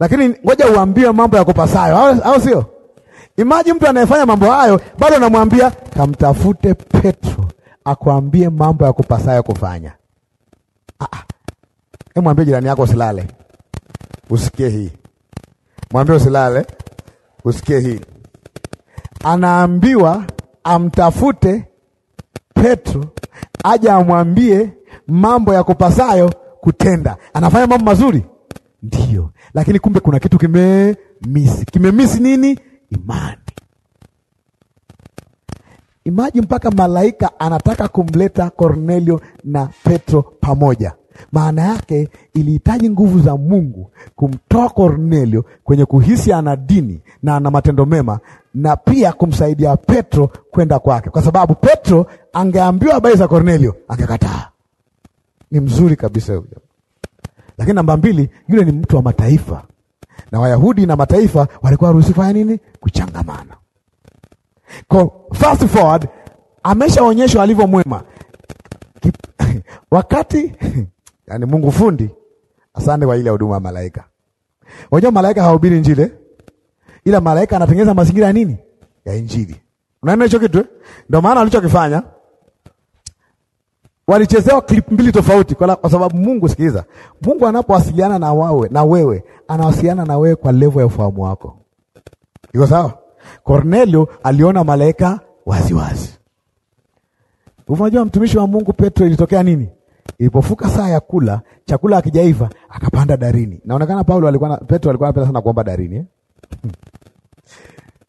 lakini ngoja uambie mambo ya kupasayo, au sio? Imagine mtu anayefanya mambo hayo bado anamwambia kamtafute Petro akwambie mambo ya kupasayo kufanya. Ah, ah. mwambie jirani yako usilale, usikie hii. Mwambie usilale, usikie hii. Anaambiwa amtafute Petro aje amwambie mambo ya kupasayo kutenda. Anafanya mambo mazuri, ndio lakini kumbe kuna kitu kimemisi. Kimemisi nini? imani. Imaji mpaka malaika anataka kumleta Kornelio na Petro pamoja. Maana yake ilihitaji nguvu za Mungu kumtoa Kornelio kwenye kuhisi ana dini na ana matendo mema, na pia kumsaidia Petro kwenda kwake, kwa sababu Petro angeambiwa habari za Kornelio angekataa. Ni mzuri kabisa huyo, lakini namba mbili, yule ni mtu wa mataifa, na Wayahudi na mataifa walikuwa ruhusi kufanya nini? Kuchangamana. Kwa fast forward, ameshaonyeshwa alivyo mwema wakati yani Mungu fundi, asante kwa ile huduma ya malaika. Unajua malaika hawahubiri njile ila malaika anatengeneza mazingira ya nini? Ya Injili. Unaona hicho kitu? Eh? Ndio maana alichokifanya walichezewa clip mbili tofauti kwa, la, kwa sababu Mungu, sikiliza, Mungu anapowasiliana na wawe na wewe anawasiliana na wewe kwa level ya ufahamu wako. Iko sawa? Cornelio aliona malaika waziwazi. Unajua mtumishi wa Mungu Petro, ilitokea nini? Ilipofuka saa ya kula chakula akijaiva akapanda darini. Naonekana Paulo alikuwa na Petro alikuwa anapenda sana kuomba darini eh? Hmm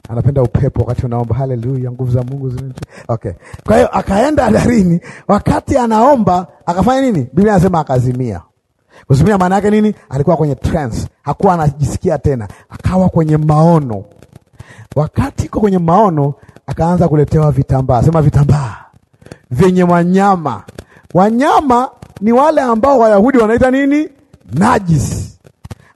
anapenda upepo wakati unaomba. Haleluya, nguvu za Mungu zini. Okay, kwa hiyo akaenda darini, wakati anaomba akafanya nini? Biblia anasema akazimia. Kuzimia maana yake nini? Alikuwa kwenye trance, hakuwa anajisikia tena, akawa kwenye maono. Wakati iko kwenye maono, akaanza kuletewa vitambaa, sema vitambaa vyenye wanyama. Wanyama ni wale ambao Wayahudi wanaita nini? Najis.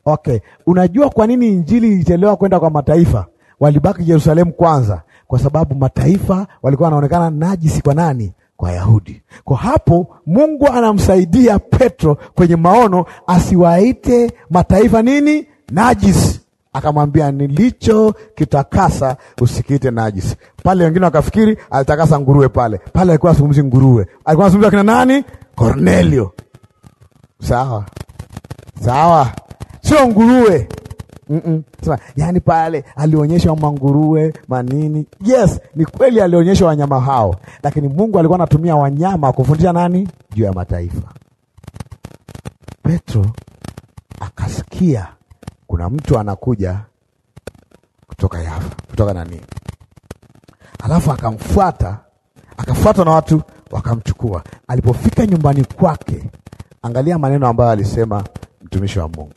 Okay, unajua kwa nini injili ilichelewa kwenda kwa mataifa? walibaki Yerusalemu kwanza, kwa sababu mataifa walikuwa wanaonekana najisi kwa nani? Kwa Yahudi. Kwa hapo Mungu anamsaidia Petro kwenye maono asiwaite mataifa nini? Najisi. Akamwambia nilicho kitakasa usikiite najisi. Pale wengine wakafikiri alitakasa nguruwe pale. Pale alikuwa anazungumzi nguruwe. Alikuwa anazungumza kina nani? Kornelio. Sawa. Sawa. Sio nguruwe mm -mm. Sema, yani pale alionyesha manguruwe manini. Yes, ni kweli alionyesha wanyama hao, lakini Mungu alikuwa anatumia wanyama kufundisha nani juu ya mataifa. Petro akasikia kuna mtu anakuja kutoka Yafa, kutoka nani, alafu akamfuata, akafuatwa na watu wakamchukua. Alipofika nyumbani kwake, angalia maneno ambayo alisema mtumishi wa Mungu.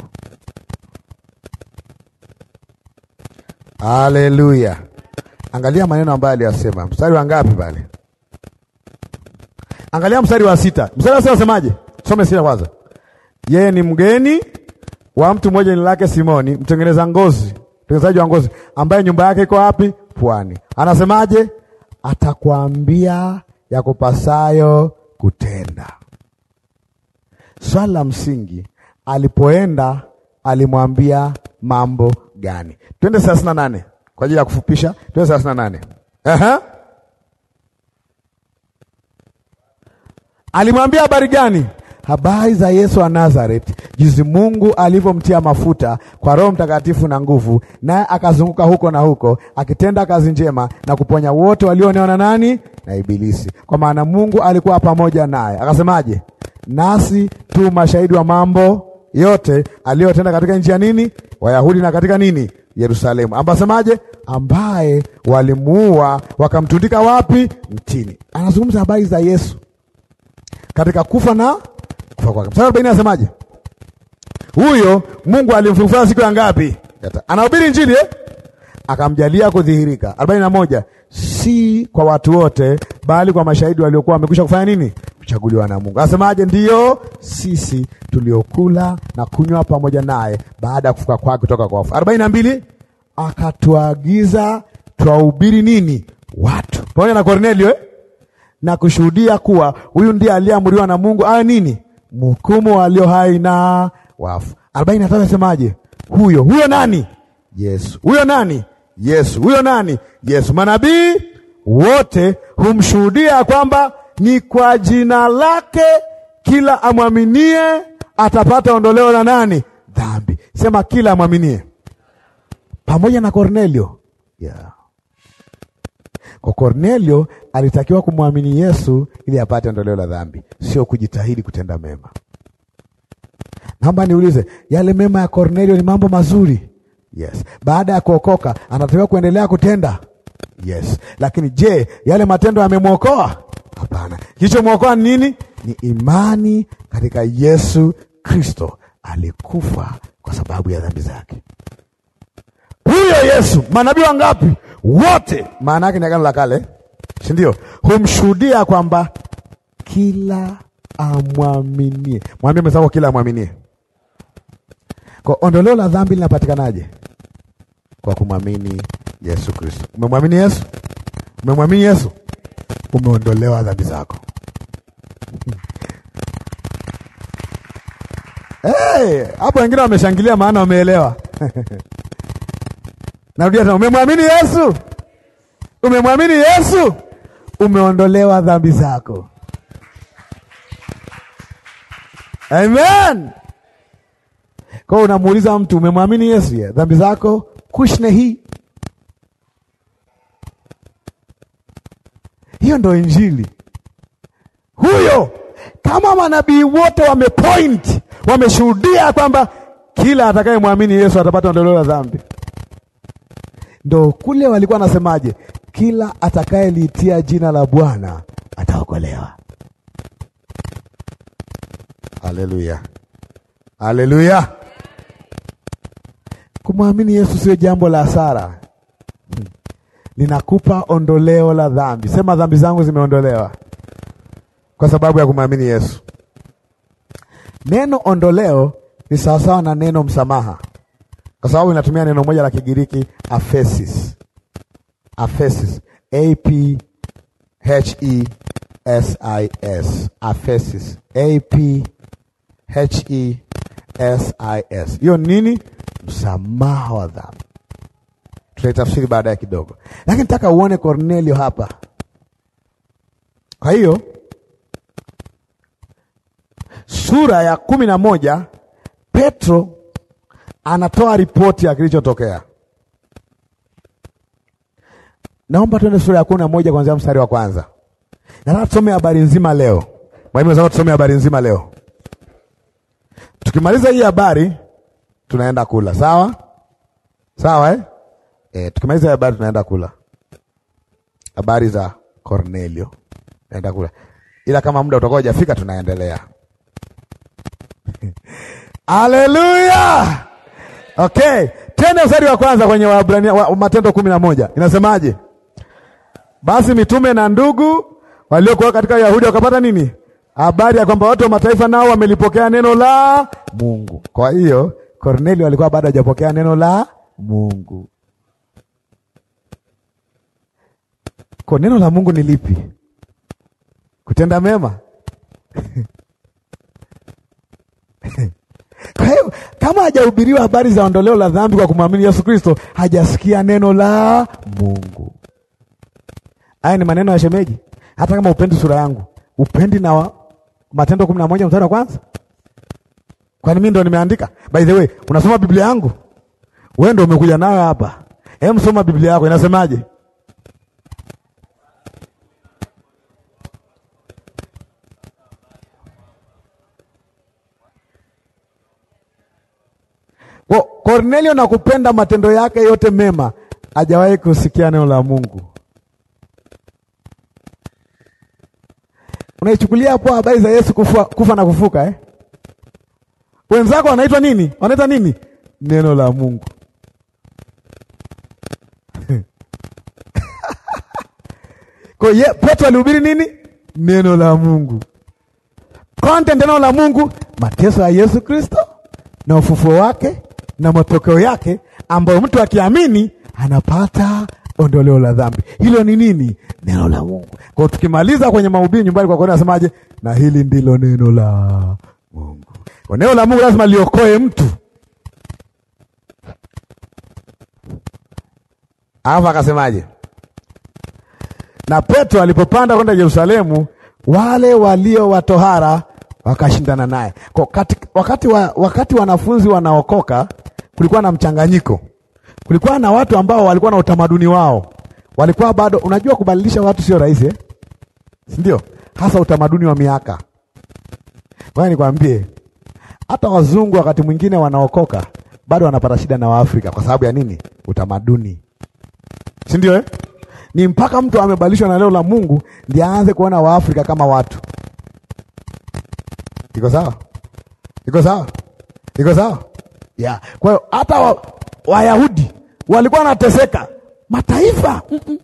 Haleluya! Angalia maneno ambayo aliyasema, mstari wa ngapi pale? Angalia mstari wa sita. Mstari wa sita wasemaje? Some sita kwanza. Yeye ni mgeni wa mtu mmoja ni lake Simoni, mtengeneza ngozi, mtengenezaji wa ngozi, ambaye nyumba yake iko wapi? Pwani. Anasemaje? Atakwambia yakupasayo kutenda. swala la msingi, alipoenda alimwambia mambo gani? Twende thelathini na nane kwa ajili ya kufupisha, twende thelathini na nane. Aha, alimwambia habari gani? Habari za Yesu wa Nazareth, jinsi Mungu alivyomtia mafuta kwa Roho Mtakatifu na nguvu, naye akazunguka huko na huko akitenda kazi njema na kuponya wote walioneona nani na Ibilisi, kwa maana Mungu alikuwa pamoja naye. Akasemaje? Nasi tu mashahidi wa mambo yote aliyotenda katika nchi ya nini, Wayahudi na katika nini, Yerusalemu, ambasemaje, ambaye walimuua wakamtundika wapi? Mtini. Anazungumza habari za Yesu katika kufa na kufa kwake. Mstari arobaini anasemaje? Huyo Mungu alimfufua siku ya ngapi? Anahubiri Injili eh? Akamjalia kudhihirika. arobaini na moja, si kwa watu wote, bali kwa mashahidi waliokuwa wamekwisha kufanya nini? kuchaguliwa na Mungu. Anasemaje? Ndiyo sisi tuliokula na kunywa pamoja naye baada ya kufuka kwake kutoka kwa wafu. arobaini na mbili akatuagiza twahubiri nini watu pamoja na Kornelio eh? na kushuhudia kuwa huyu ndiye aliyeamuriwa na Mungu awe nini mhukumu walio hai na wafu. arobaini na tatu asemaje? huyo huyo nani? Yesu. Huyo nani? Yesu. Huyo nani? Yesu. Manabii wote humshuhudia kwamba ni kwa jina lake kila amwaminie atapata ondoleo la nani? Dhambi. Sema kila amwaminie, pamoja na Kornelio yeah. Kwa Kornelio alitakiwa kumwamini Yesu ili apate ondoleo la dhambi, sio kujitahidi kutenda mema. Naomba niulize, yale mema ya Kornelio ni mambo mazuri? Yes. Baada ya kuokoka anatakiwa kuendelea kutenda? Yes. Lakini je, yale matendo yamemwokoa? Hapana, kilichomwokoa nini? Ni imani katika Yesu Kristo, alikufa kwa sababu ya dhambi zake. Huyo Yesu, manabii wangapi? Wote. Maana yake ni agano la kale, si ndio? Humshuhudia kwamba kila amwaminie, mwambie mwenzako, kila amwaminie. Kwa ondoleo la dhambi linapatikanaje? Kwa kumwamini Yesu Kristo. Umemwamini Yesu? Umemwamini Yesu? umeondolewa dhambi zako. Hapo hey, wengine wameshangilia maana wameelewa. Narudia tena, umemwamini Yesu, umemwamini Yesu, umeondolewa dhambi zako. Amen. Kwa unamuuliza mtu umemwamini Yesu, dhambi zako kushne hii Hiyo ndo injili huyo. Kama manabii wote wamepoint, wameshuhudia kwamba kila atakayemwamini Yesu atapata ondoleo la dhambi, ndo kule walikuwa wanasemaje? Kila atakayeliitia jina la Bwana ataokolewa. Haleluya, haleluya. Kumwamini Yesu sio jambo la hasara ninakupa ondoleo la dhambi. Sema, dhambi zangu zimeondolewa kwa sababu ya kumwamini Yesu. Neno ondoleo ni sawasawa na neno msamaha, kwa sababu inatumia neno moja la Kigiriki aphesis. Aphesis, A P H E S I S. Aphesis, A P H E S I S. Hiyo nini? Msamaha wa dhambi tutaitafsiri baada ya kidogo, lakini nataka uone Kornelio hapa. Kwa hiyo sura ya kumi na moja Petro anatoa ripoti ya kilichotokea. Naomba tuende sura ya kumi na moja kuanzia mstari wa kwanza. Nataka tusome habari nzima leo. Mwalimu anasema tusome habari nzima leo. Tukimaliza hii habari tunaenda kula. Sawa sawa, eh? E, tukimaliza habari tunaenda kula habari za Cornelio, naenda kula, ila kama muda utakuwa hujafika tunaendelea. Haleluya! Okay, tena usari wa kwanza kwenye Waebrania wa, Matendo kumi na moja inasemaje? Basi mitume na ndugu waliokuwa katika Yahudi wakapata nini? Habari ya kwamba watu wa mataifa nao wamelipokea neno la Mungu. Kwa hiyo Kornelio alikuwa bado hajapokea neno la Mungu. Kwa neno la Mungu ni lipi? Kutenda mema. Kwa hiyo kama hajahubiriwa habari za ondoleo la dhambi kwa kumwamini Yesu Kristo, hajasikia neno la Mungu. Haya ni maneno ya shemeji. Hata kama upendi sura yangu, upendi na wa... Matendo kumi na moja mstari wa kwanza. Kwani mimi ndo nimeandika? By the way, unasoma Biblia yangu? Wewe ndo umekuja nayo hapa. Hem, soma Biblia yako inasemaje? Kornelio na kupenda matendo yake yote mema, hajawahi kusikia neno la Mungu. Unaichukulia hapo habari za Yesu kufa, kufa na kufuka eh? Wenzako wanaitwa nini? wanaita nini? Neno la Mungu. Kwa ye, Petro alihubiri nini? Neno la Mungu. Content neno la Mungu, mateso ya Yesu Kristo na ufufuo wake na matokeo yake ambayo mtu akiamini anapata ondoleo la dhambi. Hilo ni nini? Neno la Mungu. Kwa tukimaliza kwenye mahubiri nyumbani kwa kwenda nasemaje? Na hili ndilo neno la Mungu. Kwa neno la Mungu lazima liokoe mtu. Alafu akasemaje? Na Petro alipopanda kwenda Yerusalemu, wale walio watohara wakashindana naye. Kwa wakati, wakati, wa, wakati wanafunzi wanaokoka kulikuwa na mchanganyiko, kulikuwa na watu ambao walikuwa na utamaduni wao, walikuwa bado, unajua kubadilisha watu sio rahisi eh? si ndio? Hasa utamaduni wa miaka. Wewe nikwambie, hata wazungu wakati mwingine wanaokoka bado wanapata shida na Waafrika kwa sababu ya nini? Utamaduni, si ndio eh? Ni mpaka mtu amebadilishwa na leo la Mungu ndiye aanze kuona Waafrika kama watu. Iko sawa? Iko sawa? Iko sawa? ya. Kwa hiyo hata wa, Wayahudi walikuwa wanateseka mataifa mm -mm.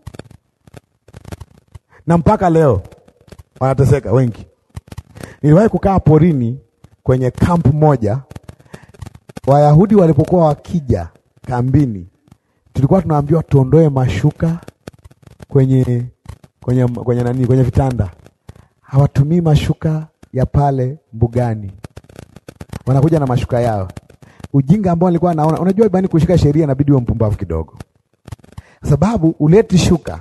na mpaka leo wanateseka wengi. Niliwahi kukaa porini kwenye kampu moja, Wayahudi walipokuwa wakija kambini, tulikuwa tunaambiwa tuondoe mashuka kwenye kwenye kwenye nani, kwenye vitanda. Hawatumii mashuka ya pale mbugani, wanakuja na mashuka yao ujinga ambao alikuwa naona. Unajua bani, kushika sheria inabidi uwe mpumbavu kidogo, sababu uleti shuka,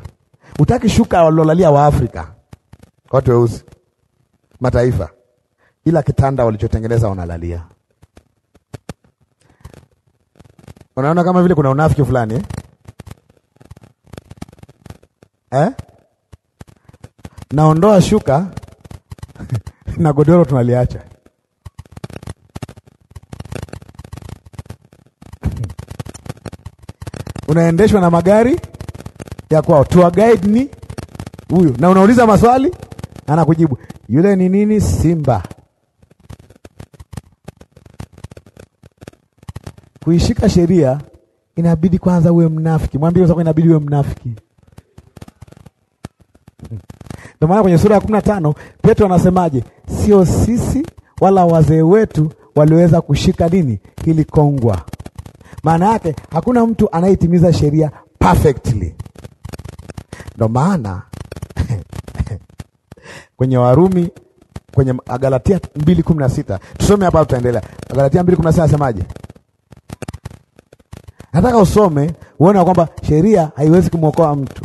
utaki shuka walolalia wa Afrika, watu weusi, mataifa, ila kitanda walichotengeneza wanalalia. Unaona kama vile kuna unafiki fulani eh? Eh? Naondoa shuka na godoro tunaliacha unaendeshwa na magari ya kwao, tour guide ni huyu, na unauliza maswali anakujibu. Yule ni nini? Simba. Kuishika sheria inabidi kwanza uwe mnafiki. Mwambie sasa, inabidi uwe mnafiki. Ndio maana kwenye sura ya kumi na tano Petro anasemaje? Sio sisi wala wazee wetu waliweza kushika nini hili kongwa maana yake hakuna mtu anayetimiza sheria perfectly. Ndo maana kwenye Warumi kwenye Galatia mbili kumi na sita tusome hapa, tutaendelea. Galatia mbili kumi na sita nasemaje? Nataka usome uone kwamba sheria haiwezi kumwokoa mtu.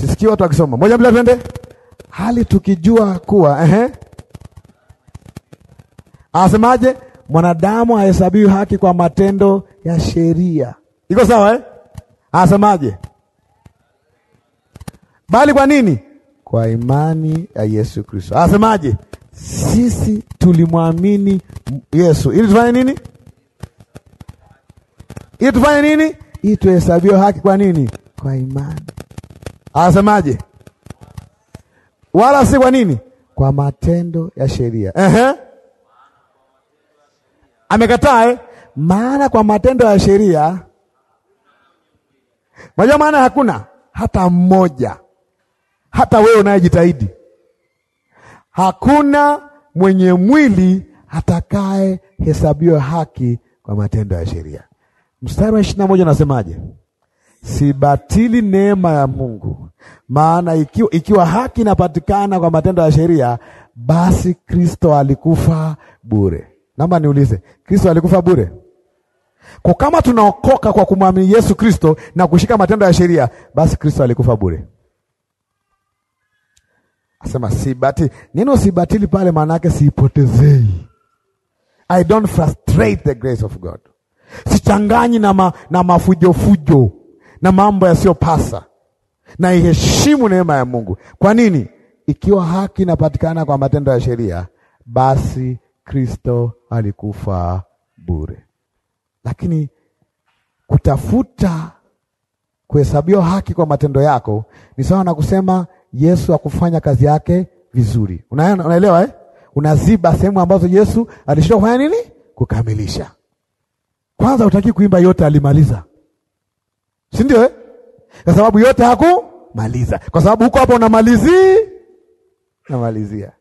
Sisikii watu wakisoma moja bila twende, hali tukijua kuwa ehe Anasemaje? Mwanadamu ahesabiwi haki kwa matendo ya sheria. Iko sawa eh? Anasemaje? Bali kwa nini? Kwa imani ya Yesu Kristo. Anasemaje? Sisi tulimwamini Yesu ili tufanye nini? Ili tufanye nini? Ili tuhesabiwe haki. Kwa nini? Kwa imani. Anasemaje? Wala si kwa nini? Kwa matendo ya sheria. Ehe amekataa eh? Maana kwa matendo ya sheria, unajua maana hakuna hata mmoja, hata wewe unayejitahidi, hakuna mwenye mwili atakaye hesabiwa haki kwa matendo ya sheria. Mstari wa ishirini na moja unasemaje? Si batili neema ya Mungu, maana ikiwa, ikiwa haki inapatikana kwa matendo ya sheria, basi Kristo alikufa bure. Naomba niulize, Kristo alikufa bure? Kwa kama tunaokoka kwa kumwamini Yesu Kristo na kushika matendo ya sheria, basi Kristo alikufa bure. Asema si batili. Neno si batili pale maana yake siipotezei. I don't frustrate the grace of God. Sichanganyi na, ma, na mafujofujo na mambo yasiyopasa, na iheshimu neema ya Mungu. Kwa nini? Ikiwa haki inapatikana kwa matendo ya sheria, basi Kristo alikufa bure. Lakini kutafuta kuhesabiwa haki kwa matendo yako ni sawa na kusema Yesu akufanya kazi yake vizuri. Unaelewa, eh? Unaziba sehemu ambazo Yesu alishindwa kufanya nini? Kukamilisha. Kwanza utaki kuimba yote alimaliza, si ndio eh? Kwa sababu yote hakumaliza, kwa sababu huko hapo unamalizi namalizia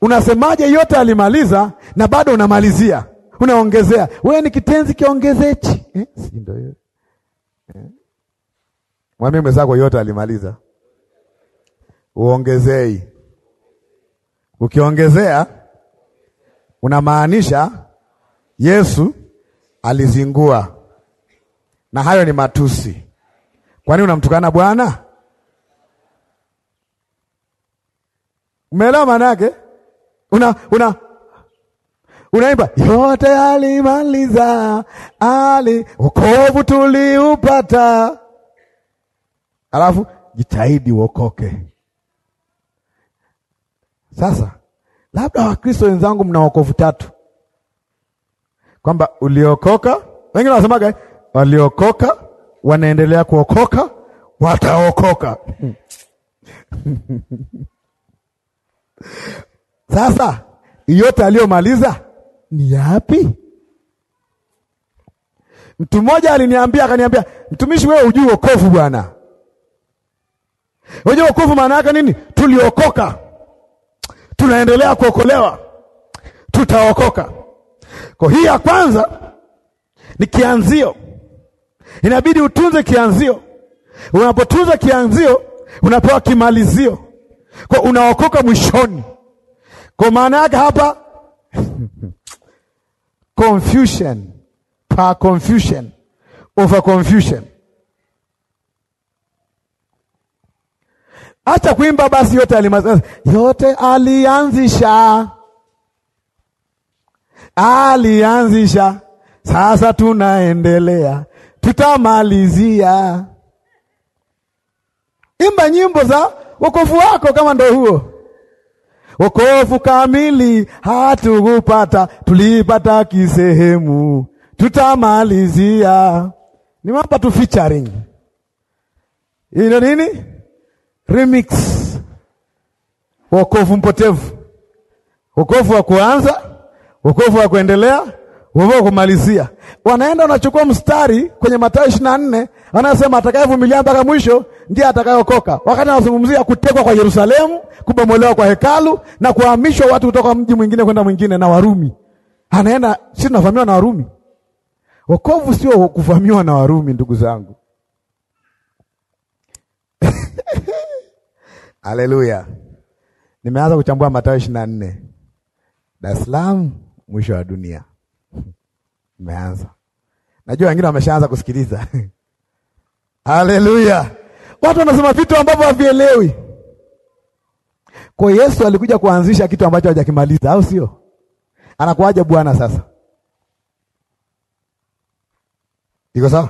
Unasemaje yote alimaliza na bado unamalizia. Unaongezea. Wewe ni kitenzi kiongezechi. Eh? Si ndio hiyo. Eh? Mwambie mwenzako yote alimaliza. Uongezei. Ukiongezea unamaanisha Yesu alizingua. Na hayo ni matusi. Kwani unamtukana Bwana? Umeelewa maana yake? una, una unaimba yote alimaliza, ali wokovu tuliupata. Alafu jitahidi uokoke. Sasa labda Wakristo wenzangu, mna wokovu tatu, kwamba uliokoka, wengine wanasemaga waliokoka, wanaendelea kuokoka, wataokoka Sasa yote aliyomaliza ni yapi? Mtu mmoja aliniambia akaniambia, mtumishi, wewe hujui wokovu bwana. Unajua wokovu maana yake nini? Tuliokoka, tunaendelea kuokolewa, tutaokoka. Kwa hii ya kwanza ni kianzio, inabidi utunze kianzio. Unapotunza kianzio, unapewa kimalizio, kwa unaokoka mwishoni kwa maana yake hapa confusion pa confusion over confusion. Acha kuimba basi, yote alimaliza, yote alianzisha, alianzisha. Sasa tunaendelea, tutamalizia. Imba nyimbo za wokovu wako, kama ndo huo Wokovu kamili hatukupata, tulipata kisehemu, tutamalizia. Ni mambo tu featuring, ino nini remix. Wokovu mpotevu, wokovu wa kuanza, wokovu wa kuendelea, wokovu wa kumalizia. Wanaenda wanachukua mstari kwenye Mathayo 24, na nne, wanasema atakayevumilia mpaka mwisho ndiye atakayeokoka. Wakati anazungumzia kutekwa kwa Yerusalemu, kubomolewa kwa hekalu na kuhamishwa watu kutoka mji mwingine kwenda mwingine na Warumi. Anaenda si tunavamiwa na Warumi. Wokovu sio kuvamiwa na Warumi, ndugu zangu. Haleluya. Nimeanza kuchambua Mathayo 24. Dar es Salaam mwisho wa dunia. Nimeanza. Najua wengine wameshaanza kusikiliza. Haleluya. Watu wanasema vitu ambavyo havielewi. Kwa Yesu alikuja kuanzisha kitu ambacho hajakimaliza, au sio? Anakuaja Bwana sasa. Iko sawa?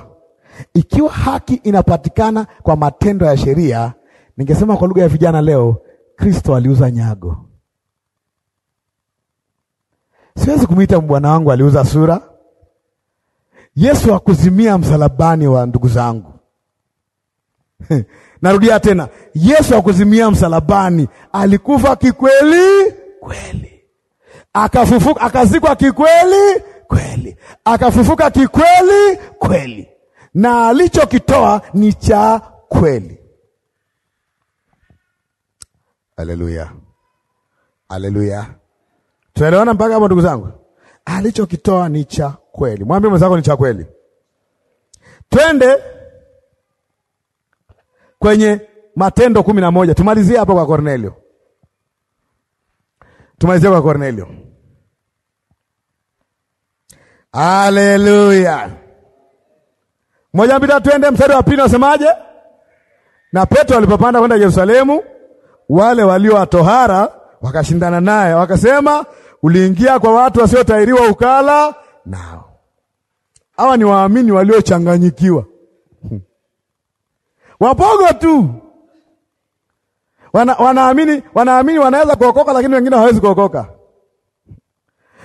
Ikiwa haki inapatikana kwa matendo ya sheria, ningesema kwa lugha ya vijana leo, Kristo aliuza nyago. Siwezi kumwita bwana wangu aliuza sura. Yesu akuzimia msalabani, wa ndugu zangu. Narudia tena, Yesu akuzimia msalabani, alikufa kikweli kweli, akafufuka, akazikwa kikweli kweli, akafufuka kikweli kweli, na alichokitoa ni cha kweli. Haleluya, haleluya! Tunaelewana mpaka hapo, ndugu zangu? Alichokitoa ni cha kweli. Mwambie mwenzako ni cha kweli. Twende kwenye Matendo kumi na moja. Tumalizie hapo kwa Kornelio, tumalizie kwa Kornelio. Haleluya! moja mbili tatu, twende mstari wa pili. Nasemaje? na Petro alipopanda kwenda Yerusalemu, wale walio watohara wakashindana naye, wakasema, uliingia kwa watu wasiotahiriwa ukala nao. Hawa ni waamini waliochanganyikiwa Wapogo tu wana, wanaamini wanaamini wanaweza kuokoka, lakini wengine hawawezi kuokoka.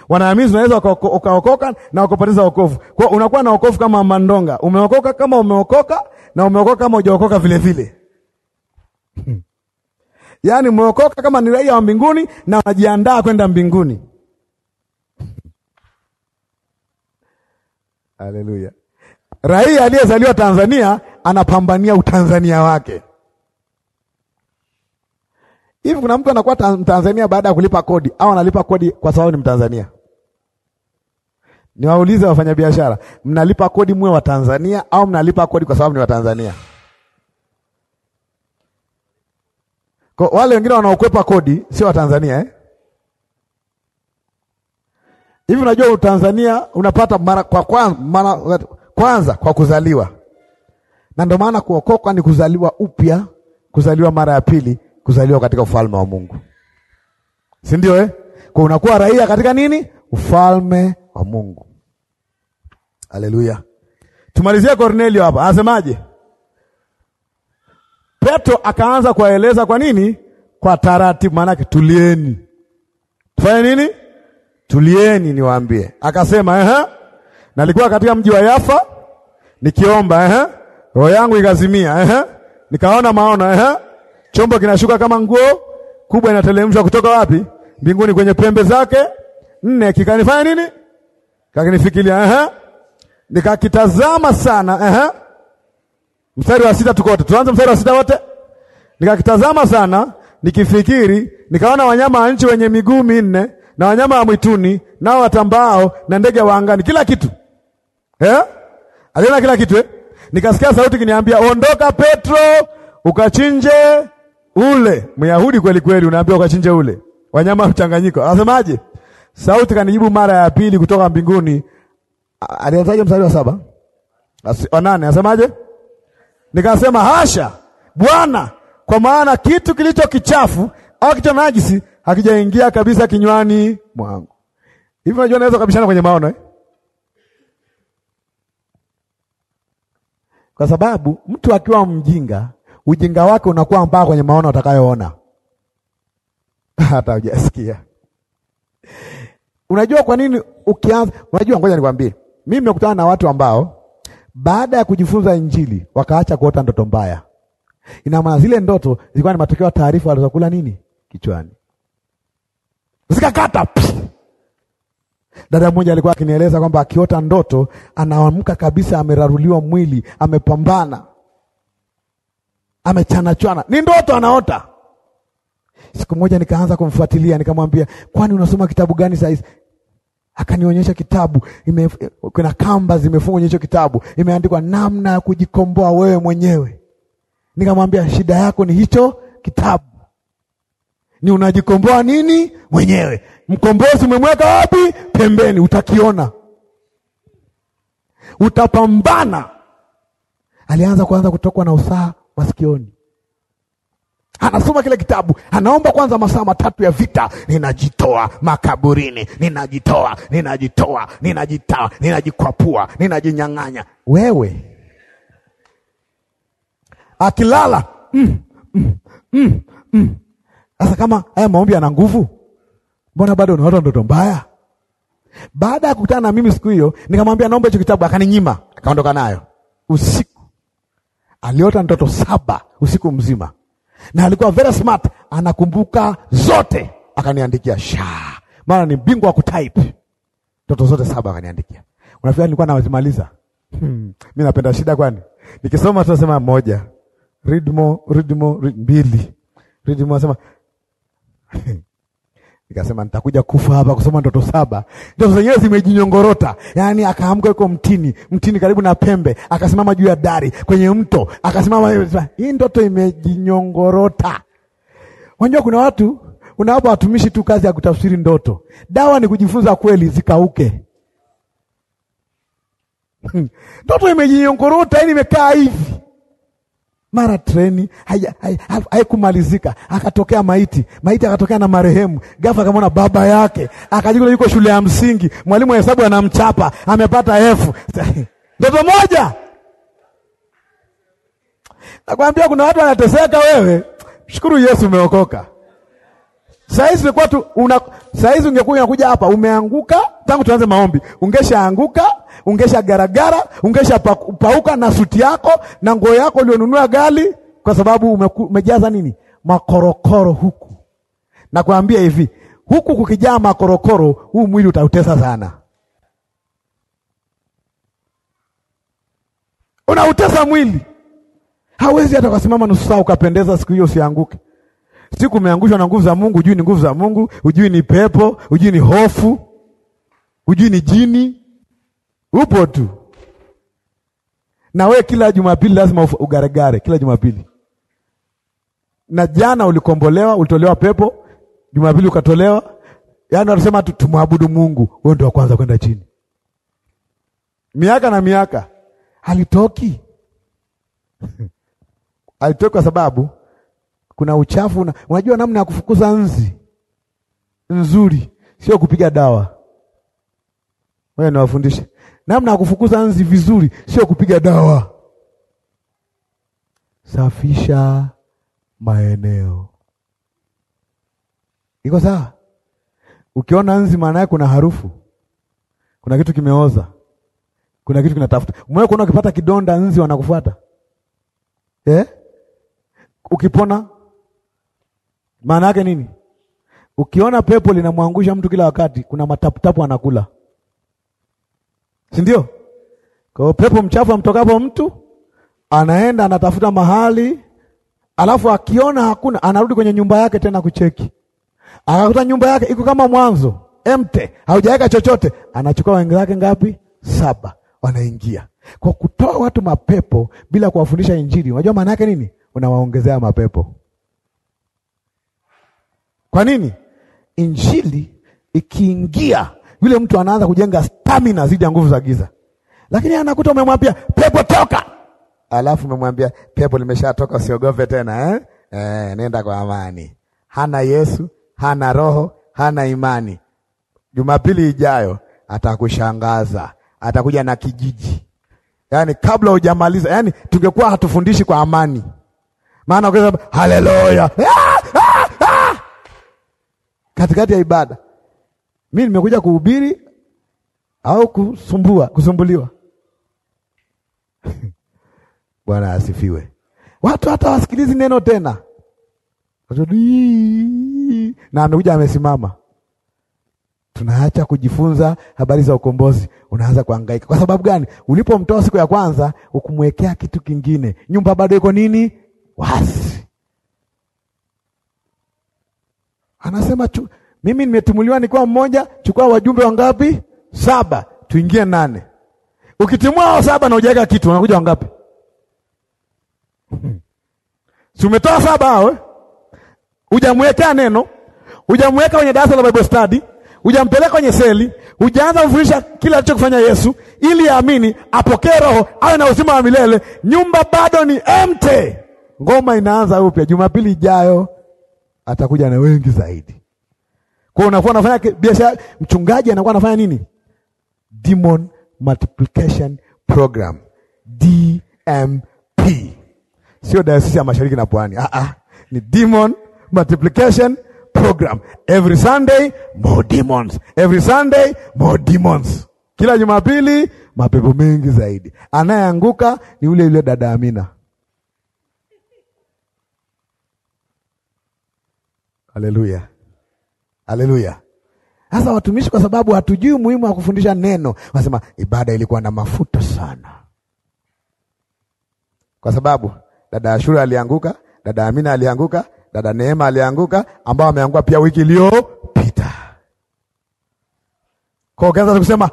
Wanaamini unaweza ukaokoka na ukapoteza wokovu. Kwa unakuwa na wokovu kama mandonga, umeokoka kama umeokoka na umeokoka kama hujaokoka vile vile. Hmm. Yaani umeokoka kama ni raia wa mbinguni na unajiandaa kwenda mbinguni. Hmm. Haleluya. Raia aliyezaliwa Tanzania anapambania utanzania wake. Hivi kuna mtu anakuwa Mtanzania baada ya kulipa kodi au analipa kodi kwa sababu ni Mtanzania? Niwaulize wafanyabiashara, mnalipa kodi mwe wa Tanzania au mnalipa kodi kwa sababu ni Watanzania? Kwa wale wengine wanaokwepa kodi sio Watanzania eh? Hivi unajua Utanzania unapata mara kwa kwanza mara kwanza kwa kuzaliwa, na ndio maana kuokoka ni kuzaliwa upya, kuzaliwa mara ya pili, kuzaliwa katika ufalme wa Mungu, si ndio eh? Kwa unakuwa raia katika nini? Ufalme wa Mungu. Haleluya. Tumalizie Kornelio hapa, anasemaje? Petro akaanza kuwaeleza kwa nini, kwa taratibu, maanake tulieni, tufanye nini? Tulieni niwaambie. Akasema ehe, nalikuwa katika mji wa Yafa nikiomba eh, roho yangu ikazimia eh, nikaona maono eh, chombo kinashuka kama nguo kubwa, inatelemshwa kutoka wapi? Mbinguni, kwenye pembe zake nne, kikanifanya nini? Kakinifikiria eh, nikakitazama sana eh. Mstari wa sita tukote tuanze mstari wa sita wote. Nikakitazama sana nikifikiri, nikaona wanyama wa nchi wenye miguu minne na wanyama wa mwituni nao watambao na ndege wa angani, kila kitu eh? aliona kila kitu eh? Nikasikia sauti kiniambia, ondoka Petro, ukachinje ule. Myahudi kweli kweli, unaambia ukachinje ule wanyama mchanganyiko. Anasemaje? Sauti kanijibu mara ya pili kutoka mbinguni. Alianzaje mstari wa saba wa nane? Anasemaje? Nikasema, hasha Bwana, kwa maana kitu kilicho kichafu au kilicho najisi hakijaingia kabisa kinywani mwangu. Hivi unajua naweza kabishana kwenye maono eh? Kwa sababu mtu akiwa mjinga, ujinga wake unakuwa mpaka kwenye maono atakayoona hata hujasikia. Unajua kwa nini ukianza? Unajua, ngoja nikwambie, mimi nimekutana na watu ambao baada ya kujifunza Injili wakaacha kuota ndoto mbaya. Ina maana zile ndoto zilikuwa ni matokeo ya taarifa walizokula nini kichwani, zikakata pff. Dada mmoja alikuwa akinieleza kwamba akiota ndoto anaamka kabisa, ameraruliwa mwili, amepambana, amechanachwana, ni ndoto anaota. Siku moja nikaanza kumfuatilia, nikamwambia, kwani unasoma kitabu gani hizi? Akanionyesha kitabu ime, kuna kamba zimefungwa kwenye hicho kitabu, imeandikwa namna ya kujikomboa wewe mwenyewe. Nikamwambia, shida yako ni hicho kitabu ni unajikomboa nini mwenyewe. Mkombozi umemweka wapi? Pembeni. Utakiona, utapambana. Alianza kwanza kutokwa na usaha masikioni anasoma kile kitabu, anaomba kwanza masaa matatu ya vita, ninajitoa makaburini, ninajitoa, ninajitoa, ninajitoa, ninajikwapua, ninajinyang'anya. Wewe akilala mm, mm, mm, mm, sasa kama haya eh, maombi yana nguvu, mbona bado unaota ndoto mbaya? Baada ya kukutana na mimi siku hiyo, nikamwambia naomba hicho kitabu, akaninyima, akaondoka nayo usiku. Aliota ndoto saba usiku mzima, na alikuwa very smart, anakumbuka zote. Akaniandikia sha, maana ni bingwa wa kutype ndoto zote saba, akaniandikia. Unafikiri nilikuwa nawazimaliza? Hmm, mi napenda shida, kwani nikisoma tunasema moja, read more, read more, read mbili, read more, sema Nikasema nitakuja kufa hapa kusoma ndoto saba. Ndoto zenyewe zimejinyongorota, yaani akaamka yuko mtini, mtini karibu na pembe, akasimama juu ya dari kwenye mto, akasimama. Hii ndoto imejinyongorota. Unajua kuna watu unawapa watumishi tu kazi ya kutafsiri ndoto. Dawa ni kujifunza kweli zikauke. Ndoto imejinyongorota, yaani imekaa hivi mara treni haikumalizika hai, hai akatokea maiti maiti akatokea na marehemu. Ghafla akamwona baba yake, akajikuta yuko shule ya msingi, mwalimu wa hesabu anamchapa, amepata efu ndoto moja. Nakwambia kuna watu wanateseka. Wewe shukuru Yesu umeokoka. Saizi ulikuwa tu una saizi, ungekuwa unakuja hapa umeanguka. Tangu tuanze maombi, ungeshaanguka ungesha garagara, ungesha pauka na suti yako na nguo yako ulionunua gali, kwa sababu umejaza nini makorokoro huku. Nakwambia hivi, huku kukijaa makorokoro, huu mwili utautesa sana, unautesa mwili. Hawezi hata kusimama nusu saa ukapendeza siku hiyo, usianguke siku umeangushwa na nguvu za Mungu. Hujui ni nguvu za Mungu, hujui ni pepo, hujui ni hofu, hujui ni jini upo tu na we, kila Jumapili lazima ugaregare, kila Jumapili. Na jana ulikombolewa, ulitolewa pepo, Jumapili ukatolewa. Yaani wanasema tumwabudu Mungu, wewe ndio wa kwanza kwenda chini. Miaka na miaka halitoki halitoki, kwa sababu kuna uchafu na, unajua namna ya kufukuza nzi nzuri sio kupiga dawa. Wewe niwafundishe namna ya kufukuza nzi vizuri, sio kupiga dawa. Safisha maeneo, iko sawa. Ukiona nzi, maana yake kuna harufu, kuna kitu kimeoza, kuna kitu kinatafuta. Umewahi kuona ukipata kidonda nzi wanakufuata eh? Ukipona maana yake nini? Ukiona pepo linamwangusha mtu kila wakati, kuna mataputapu anakula si ndio? Kwa hiyo pepo mchafu amtokapo mtu anaenda anatafuta mahali, alafu akiona hakuna, anarudi kwenye nyumba yake tena kucheki, akakuta nyumba yake iko kama mwanzo emte, haujaweka chochote, anachukua wake ngapi? Saba, wanaingia kwa kutoa watu mapepo bila kuwafundisha Injili. Unajua maana yake nini? Unawaongezea mapepo. Kwa nini? Injili ikiingia yule mtu anaanza kujenga stamina zidi ya nguvu za giza, lakini anakuta umemwambia pepo toka, alafu umemwambia pepo limeshatoka, usiogope tena eh? Eh, nenda kwa amani. Hana Yesu, hana roho, hana imani. Jumapili ijayo atakushangaza, atakuja na kijiji. Yaani kabla hujamaliza, yaani tungekuwa hatufundishi kwa amani, maana ukisema haleluya, ah, ah, ah, katikati ya ibada mimi nimekuja kuhubiri au kusumbua kusumbuliwa? Bwana asifiwe. Watu hata wasikilizi neno tena, na amekuja amesimama. Tunaacha kujifunza habari za ukombozi, unaanza kuhangaika. Kwa sababu gani? Ulipomtoa siku ya kwanza ukumwekea kitu kingine, nyumba bado iko nini, wasi anasema chu mimi nimetumuliwa nikiwa mmoja, chukua wajumbe wangapi? Saba, tuingie nane. Ukitimua hao saba na ujaga kitu, unakuja wangapi? Si umetoa saba hao eh? Hujamwekea neno, ujamweka kwenye darasa la Bible study, ujampeleka kwenye seli, ujaanza kufundisha kila kufanya Yesu ili aamini apokee roho, awe na uzima wa milele. Nyumba bado ni empty. Ngoma inaanza upya Jumapili ijayo, atakuja na wengi zaidi. Kwa unakuwa unafanya biashara, mchungaji anakuwa anafanya nini? Demon multiplication program, DMP. Sio Dayosisi ya Mashariki na Pwani. Ah ah. Ni demon multiplication program. Every Sunday more demons. Every Sunday more demons. Kila Jumapili mapepo mengi zaidi. Anayeanguka ni yule yule dada Amina. Haleluya. Haleluya. Sasa watumishi, kwa sababu hatujui muhimu wa kufundisha neno, wanasema ibada ilikuwa na mafuta sana, kwa sababu dada Ashura alianguka, dada Amina alianguka, dada Neema alianguka, ambao ameanguka pia wiki iliyopita. Kwa ukaanza kusema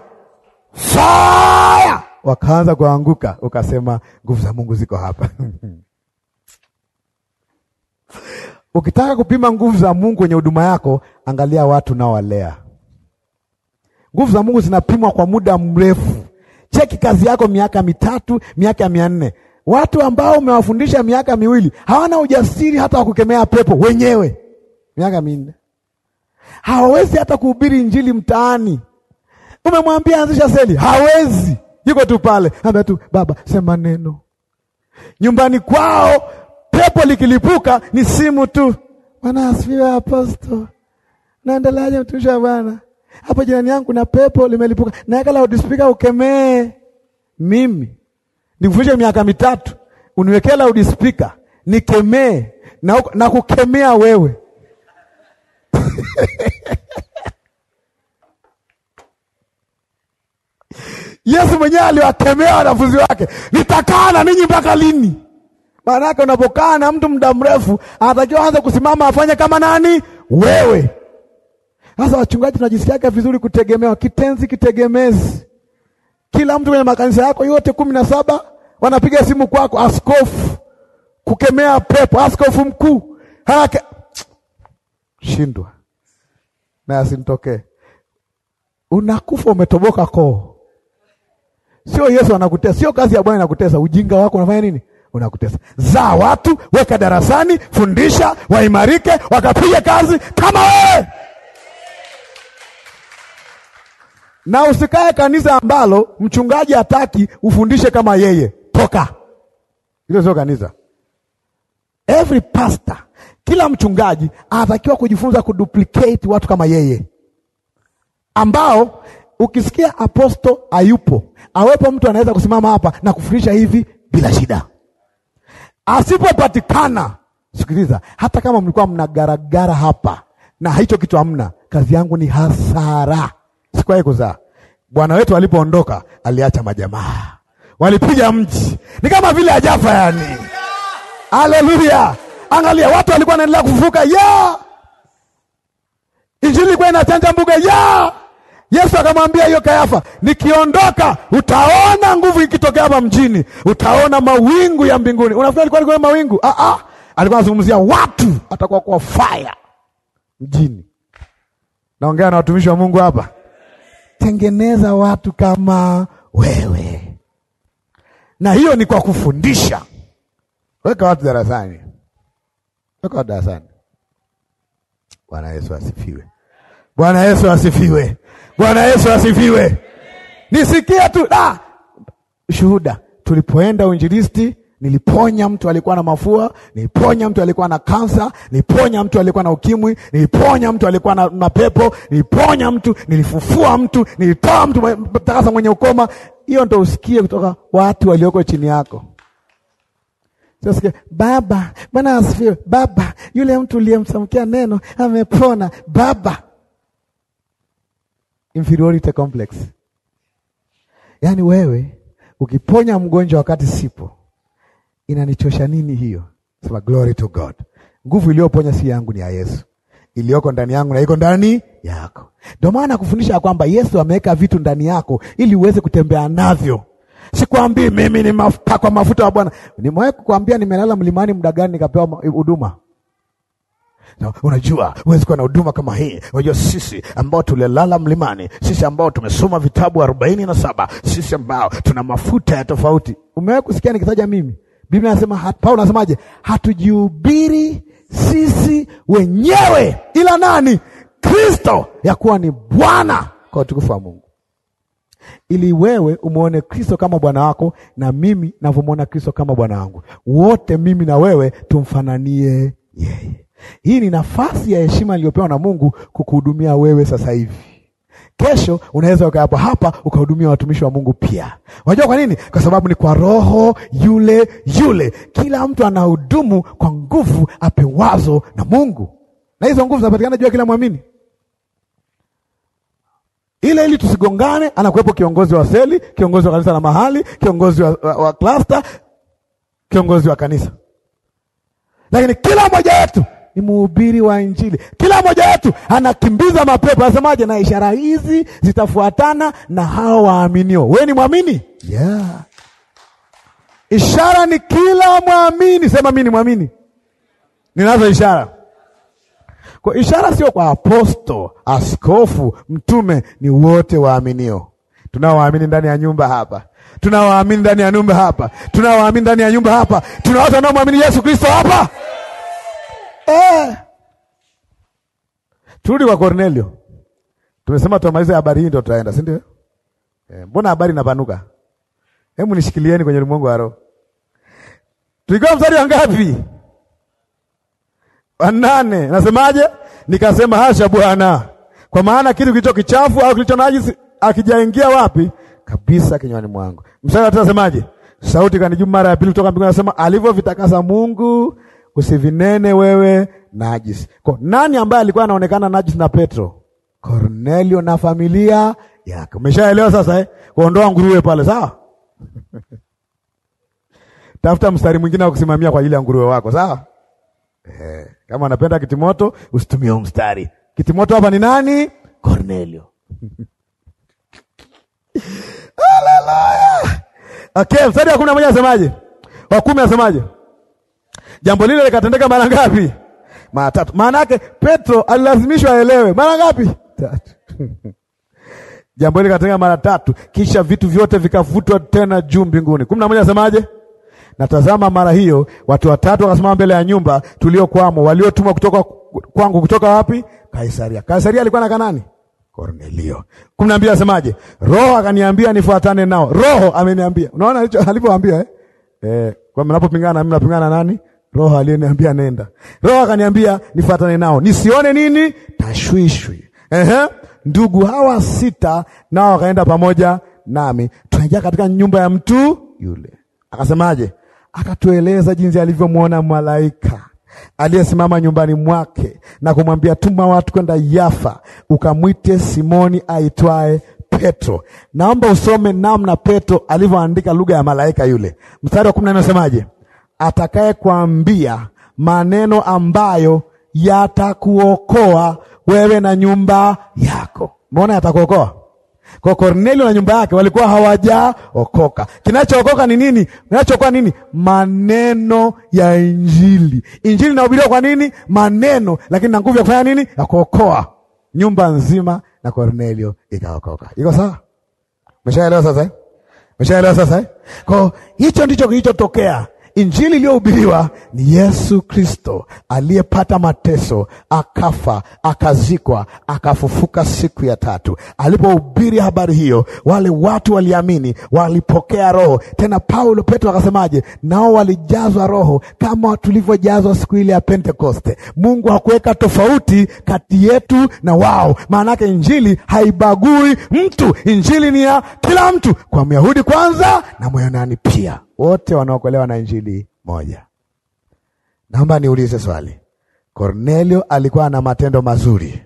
fire, wakaanza kuanguka, ukasema nguvu za Mungu ziko hapa ukitaka kupima nguvu za Mungu kwenye huduma yako Angalia watu naowalea. Nguvu za Mungu zinapimwa kwa muda mrefu. Cheki kazi yako miaka mitatu, miaka mia nne. Watu ambao umewafundisha miaka miwili hawana ujasiri hata wa kukemea pepo wenyewe, miaka minne. Hawawezi hata kuhubiri injili mtaani. Umemwambia anzisha seli, hawezi, yuko tu pale, ambia tu baba, sema neno. Nyumbani kwao pepo likilipuka ni simu tu, Bwana asifiwe, Naendeleaje mtumishi wa Bwana? Hapo jirani yangu na pepo limelipuka. Naweka loudspeaker ukemee. Mimi nikufundishe miaka mitatu, uniwekee loudspeaker nikemee na, na kukemea wewe. Yesu mwenyewe aliwakemea wanafunzi wake, nitakaa na ninyi mpaka lini? Maana yake unapokaa na mtu muda mrefu, anatakiwa anza kusimama afanye kama nani? Wewe sasa wachungaji, tunajisikiaga vizuri kutegemewa, kitenzi kitegemezi. Kila mtu kwenye makanisa yako yote kumi na saba wanapiga simu kwako, askofu kukemea pepo, askofu mkuu haraka, shindwa na asimtokee. Unakufa umetoboka koo. Sio Yesu anakutesa, sio kazi ya Bwana inakutesa. Ujinga wako unafanya nini? Unakutesa. Zaa watu, weka darasani, fundisha, waimarike, wakapiga kazi kama wewe. na usikae kanisa ambalo mchungaji hataki ufundishe kama yeye. Toka hilo, sio kanisa. Every pastor, kila mchungaji anatakiwa kujifunza kuduplicate watu kama yeye, ambao ukisikia aposto hayupo, awepo mtu anaweza kusimama hapa na kufundisha hivi bila shida. Asipopatikana, sikiliza, hata kama mlikuwa mnagaragara hapa na hicho kitu hamna, kazi yangu ni hasara sikuwahi kuzaa. Bwana wetu alipoondoka aliacha majamaa, walipiga mji, ni kama vile ajafa yani. Haleluya! Angalia, watu walikuwa wanaendelea kuvuka ya injili ilikuwa inachanja mbuga ya Yesu akamwambia hiyo Kayafa, nikiondoka utaona nguvu ikitokea hapa mjini, utaona mawingu ya mbinguni. Unafikiri alikuwa alikuwa mawingu? Ah, ah, alikuwa anazungumzia watu, atakuwa kwa fire mjini. Naongea na watumishi wa Mungu hapa tengeneza watu kama wewe, na hiyo ni kwa kufundisha. Weka watu darasani, weka watu darasani. Bwana Yesu asifiwe! Bwana Yesu asifiwe! Bwana Yesu asifiwe! Nisikia tu ah! shuhuda, tulipoenda uinjilisti Niliponya mtu alikuwa na mafua, niliponya mtu alikuwa na kansa, niliponya mtu alikuwa na ukimwi, niliponya mtu alikuwa na mapepo, niliponya mtu, nilifufua mtu, nilitoa mtu takasa mwenye ukoma. Hiyo ndo usikie kutoka watu walioko chini yako. Sasa baba, Bwana asifiwe. Baba, yule mtu uliyemsamkia neno amepona. Baba, inferiority complex. Yaani wewe ukiponya mgonjwa wakati sipo inanichosha nini hiyo? Sema glory to God. Nguvu iliyoponya si yangu, ni ya Yesu iliyoko ndani yangu na iko ndani yako. Ndio maana kufundisha kwamba Yesu ameweka vitu ndani yako ili uweze kutembea navyo. Sikwambii mimi ni mafuta kwa mafuta ya Bwana. Nimewahi kukwambia nimelala mlimani muda gani nikapewa huduma? No, unajua huwezi kuwa na huduma kama hii. Unajua sisi ambao tulilala mlimani, sisi ambao tumesoma vitabu arobaini na saba, sisi ambao tuna mafuta ya tofauti. Umewahi kusikia nikitaja mimi Biblia nasema, Paulo anasemaje? Hatujihubiri sisi wenyewe, ila nani? Kristo, ya kuwa ni Bwana, kwa utukufu wa Mungu, ili wewe umwone Kristo kama Bwana wako na mimi navyomwona Kristo kama Bwana wangu, wote mimi na wewe tumfananie yeye. Hii ni nafasi ya heshima iliyopewa na Mungu kukuhudumia wewe sasa hivi. Kesho unaweza ukayapo hapa ukahudumia watumishi wa Mungu pia. Unajua kwa nini? Kwa sababu ni kwa roho yule yule. Kila mtu anahudumu kwa nguvu apewazo na Mungu, na hizo nguvu zinapatikana juu ya kila mwamini ile ili tusigongane, anakuwepo kiongozi wa seli, kiongozi wa kanisa la mahali, kiongozi wa, wa, wa klasta, kiongozi wa kanisa, lakini kila mmoja wetu ni mhubiri wa Injili. Kila mmoja wetu anakimbiza mapepo, asemaje? Na ishara hizi zitafuatana na hao waaminio. Wewe ni mwamini yeah. Ishara ni kila mwamini, sema mimi ni mwamini, ninazo ishara. Kwa ishara sio kwa aposto, askofu, mtume, ni wote waaminio. Tunaowaamini ndani ya nyumba hapa, tunawaamini ndani ya nyumba hapa, tunawaamini ndani ya nyumba hapa, tuna watu wanaomwamini Yesu Kristo hapa eh. Turudi kwa Cornelio. Tumesema tutamaliza habari hii ndio tutaenda, si ndio? Eh, mbona habari inapanuka? Hebu nishikilieni kwenye ulimwengu wa roho. Tulikuwa mstari wa ngapi? Wa nane. Nasemaje? Nikasema hasha Bwana, kwa maana kitu kilicho kichafu au kilicho najisi akijaingia wapi kabisa kinywani mwangu. Mstari wa tatu nasemaje? Sauti kanijia mara ya pili kutoka mbinguni, nasema alivyovitakasa Mungu usivinene wewe najisi. Kwa nani ambaye alikuwa anaonekana najisi na Petro? Kornelio na familia yake. Umeshaelewa sasa eh? Kuondoa nguruwe pale, sawa? Tafuta mstari mwingine wa kusimamia kwa ajili ya nguruwe wako, sawa? Eh, kama anapenda kitimoto usitumie mstari. Kitimoto hapa ni nani? Kornelio. Haleluya. Okay, mstari wa kumi na moja asemaje? Wa kumi asemaje? Jambo lile likatendeka mara ngapi? Mara tatu. Maana yake Petro alilazimishwa aelewe mara ngapi? Tatu. Jambo hili likatendeka mara tatu, kisha vitu vyote vikavutwa tena juu mbinguni. kumi na moja asemaje? Natazama mara hiyo watu watatu wakasimama mbele ya nyumba tuliokwamo, waliotumwa kutoka kwangu. Kutoka wapi? Kaisaria. Kaisaria alikuwa na kanani? Kornelio. kumi na mbili asemaje? Roho akaniambia nifuatane nao. Roho ameniambia. Unaona alipoambia eh? Eh, kwa mnapopingana na mimi napingana nani? Roho aliyeniambia nenda, Roho akaniambia nifuatane nao nisione nini tashwishwi. Ehe, ndugu hawa sita nao wakaenda pamoja nami, tunaingia katika nyumba ya mtu yule. Akasemaje? Akatueleza jinsi alivyomwona malaika aliyesimama nyumbani mwake na kumwambia, tuma watu kwenda Yafa ukamwite Simoni aitwaye Petro. Naomba usome namna Petro alivyoandika lugha ya malaika yule. Mstari wa kumi na nne unasemaje? atakayekwambia maneno ambayo yatakuokoa wewe na nyumba yako. Mbona yatakuokoa? Kwa Kornelio na nyumba yake walikuwa hawajaokoka. Kinachookoka ni nini? Kinachookoa nini? Maneno ya Injili. Injili inahubiriwa kwa nini? Maneno, lakini na nguvu ya kufanya nini? Ya kuokoa nyumba nzima, na Kornelio ikaokoka. Iko sawa? Umeshaelewa sasa? Eh? Umeshaelewa sasa? Eh? Kwa hicho ndicho kilichotokea. Injili iliyohubiriwa ni Yesu Kristo aliyepata mateso, akafa, akazikwa, akafufuka siku ya tatu. Alipohubiri habari hiyo, wale watu waliamini, walipokea Roho. Tena Paulo, Petro akasemaje? Nao walijazwa Roho kama tulivyojazwa siku ile ya Pentekoste. Mungu hakuweka tofauti kati yetu na wao. Maana yake injili haibagui mtu, injili ni ya kila mtu, kwa Myahudi kwanza na Mwanani pia wote wanaokolewa na injili moja. Naomba niulize swali. Kornelio alikuwa na matendo mazuri?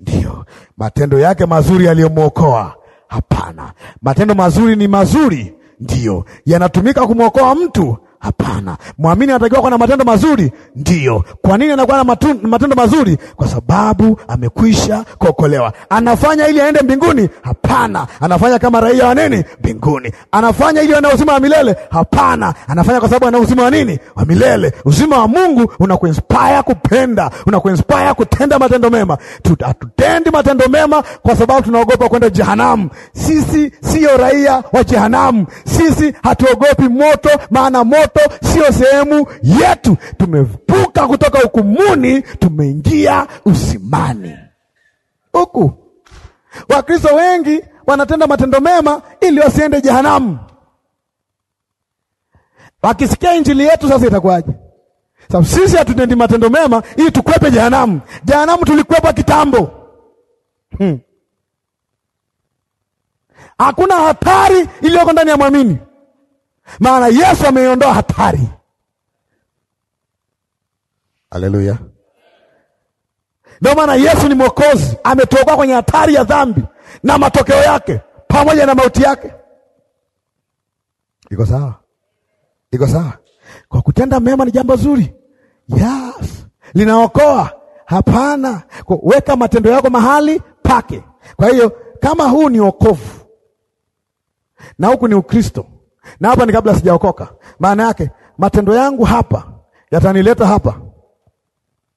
Ndiyo. Matendo yake mazuri yaliyomwokoa? Hapana. Matendo mazuri ni mazuri, ndiyo, yanatumika kumwokoa mtu Hapana. Mwamini anatakiwa kuwa na matendo mazuri, ndio. Kwa nini anakuwa na matendo mazuri? Kwa sababu amekwisha kuokolewa. Anafanya ili aende mbinguni? Hapana. Anafanya kama raia wa nini? Mbinguni. Anafanya ili aende uzima wa milele? Hapana. Anafanya kwa sababu ana uzima wa nini? Wa milele. Uzima wa Mungu unakuinspire kupenda, unakuinspire kutenda matendo mema. Hatutendi matendo mema kwa sababu tunaogopa kwenda jehanamu. Sisi siyo raia wa jehanamu. Sisi hatuogopi moto, maana moto moto sio sehemu yetu. Tumevuka kutoka hukumuni, tumeingia uzimani. Huku Wakristo wengi wanatenda matendo mema ili wasiende jehanamu. Wakisikia injili yetu sasa itakuwaje? Sababu sisi hatutendi matendo mema ili tukwepe jehanamu. Jehanamu tulikwepa kitambo. Hmm. Hakuna hatari iliyoko ndani ya mwamini maana Yesu ameiondoa hatari. Haleluya! Ndio maana Yesu ni Mwokozi, ametuokoa kwenye hatari ya dhambi na matokeo yake pamoja na mauti yake. Iko sawa? Iko sawa? Kwa kutenda mema ni jambo zuri, yes. Linaokoa? Hapana. Kwa weka matendo yako mahali pake. Kwa hiyo kama huu ni wokovu na huku ni Ukristo na hapa ni kabla sijaokoka. Maana yake matendo yangu hapa yatanileta hapa?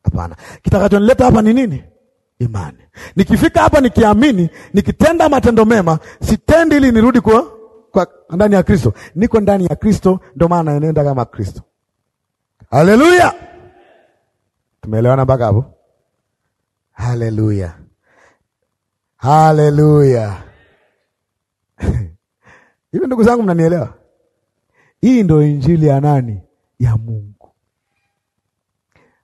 Hapana. Kitakachonileta hapa ni nini? Imani. Nikifika hapa nikiamini, nikitenda matendo mema, sitendi ili nirudi kwa, kwa ndani ya Kristo. Niko ndani ya Kristo, ndio maana naenda kama Kristo. Haleluya, tumeelewana mpaka hapo? Haleluya, haleluya. Hivi ndugu zangu, mnanielewa? Hii ndio injili ya nani? Ya Mungu.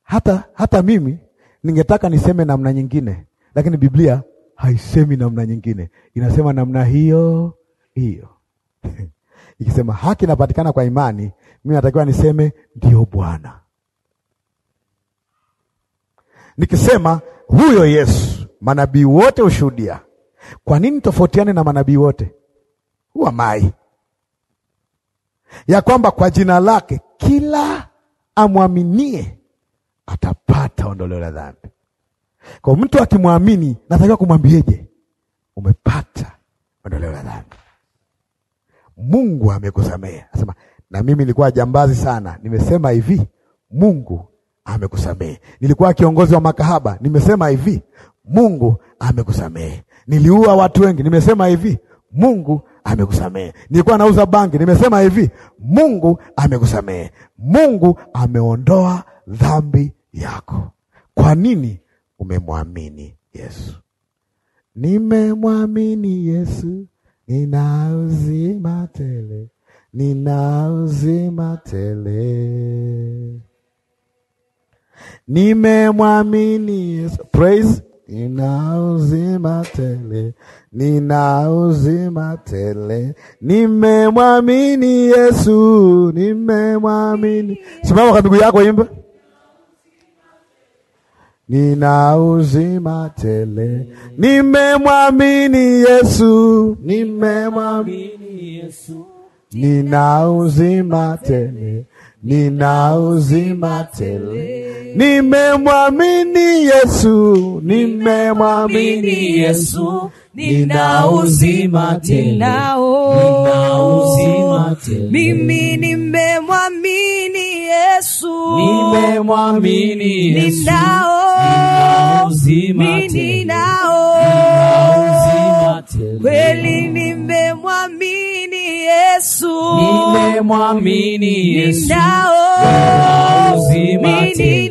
Hata, hata mimi ningetaka niseme namna nyingine, lakini Biblia haisemi namna nyingine, inasema namna hiyo hiyo ikisema haki inapatikana kwa imani, mimi natakiwa niseme ndiyo Bwana. Nikisema huyo Yesu, manabii wote hushuhudia. Kwa nini tofautiane na manabii wote? Huwa mai ya kwamba kwa jina lake kila amwaminie atapata ondoleo la dhambi. Kwa mtu akimwamini, natakiwa kumwambieje? Umepata ondoleo la dhambi, Mungu amekusamea. Nasema na mimi nilikuwa jambazi sana, nimesema hivi, Mungu amekusamehe. Nilikuwa kiongozi wa makahaba, nimesema hivi, Mungu amekusamehe. Niliua watu wengi, nimesema hivi, Mungu amekusamehe. Nilikuwa nauza bangi, nimesema hivi, Mungu amekusamehe, Mungu ameondoa dhambi yako. Kwa nini umemwamini Yesu? Nimemwamini Yesu, nina uzima tele, nina uzima tele. Nimemwamini Yesu. Praise Nina uzima tele, nina uzima tele, nimemwamini Yesu, nimemwamini. Simama kwa miguu yako, imba. Nina uzima tele, nimemwamini Yesu, nimemwamini Yesu, nina uzima tele nina uzima tele, nimemwamini Yesu, nimemwamini Yesu, nina uzima tele, mimi nimemwamini Yesu, nimemwamini Yesu, nina uzima tele, kweli nimemwamini Yesu nimemwamini Yesu, ninao uzima tele,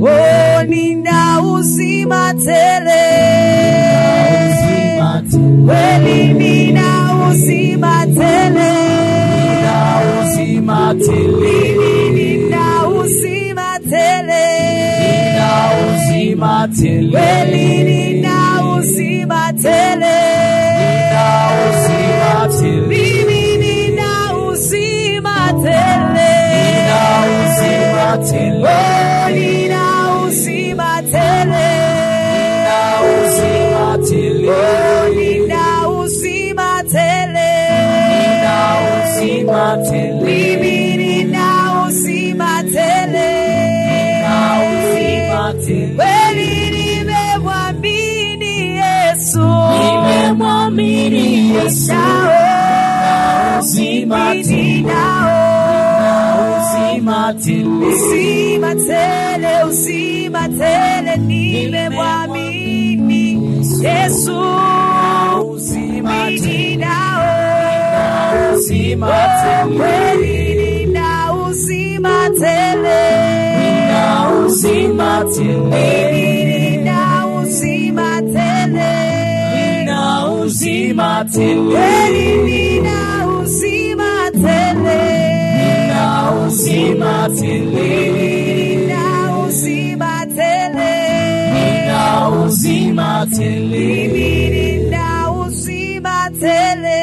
oh, nina uzima tele, kweli nina uzima tele, nina uzima tele, nina uzima tele, nina uzima tele, kweli nina uzima tele tele oh, nina uzima tele nina uzima tele oh, nina uzima tele nina uzima tele mimi Yesu nimemwamini Yesu nina uzima uzima tele, uzima tele, uzima tele, nimemwamini Yesu, uzima ninao, uzima tele, nina uzima tele, nina uzima tele, nina uzima tele, nina uzima tele, kweli nina usimatili nina uzima tele nina uzima tele nina uzima tele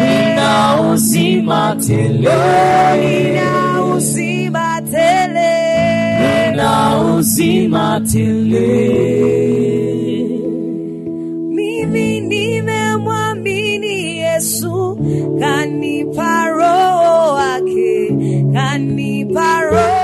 nina uzima tele nina uzima tele nina uzima tele mimi nimemwamini Yesu kanipa roho kanipa roho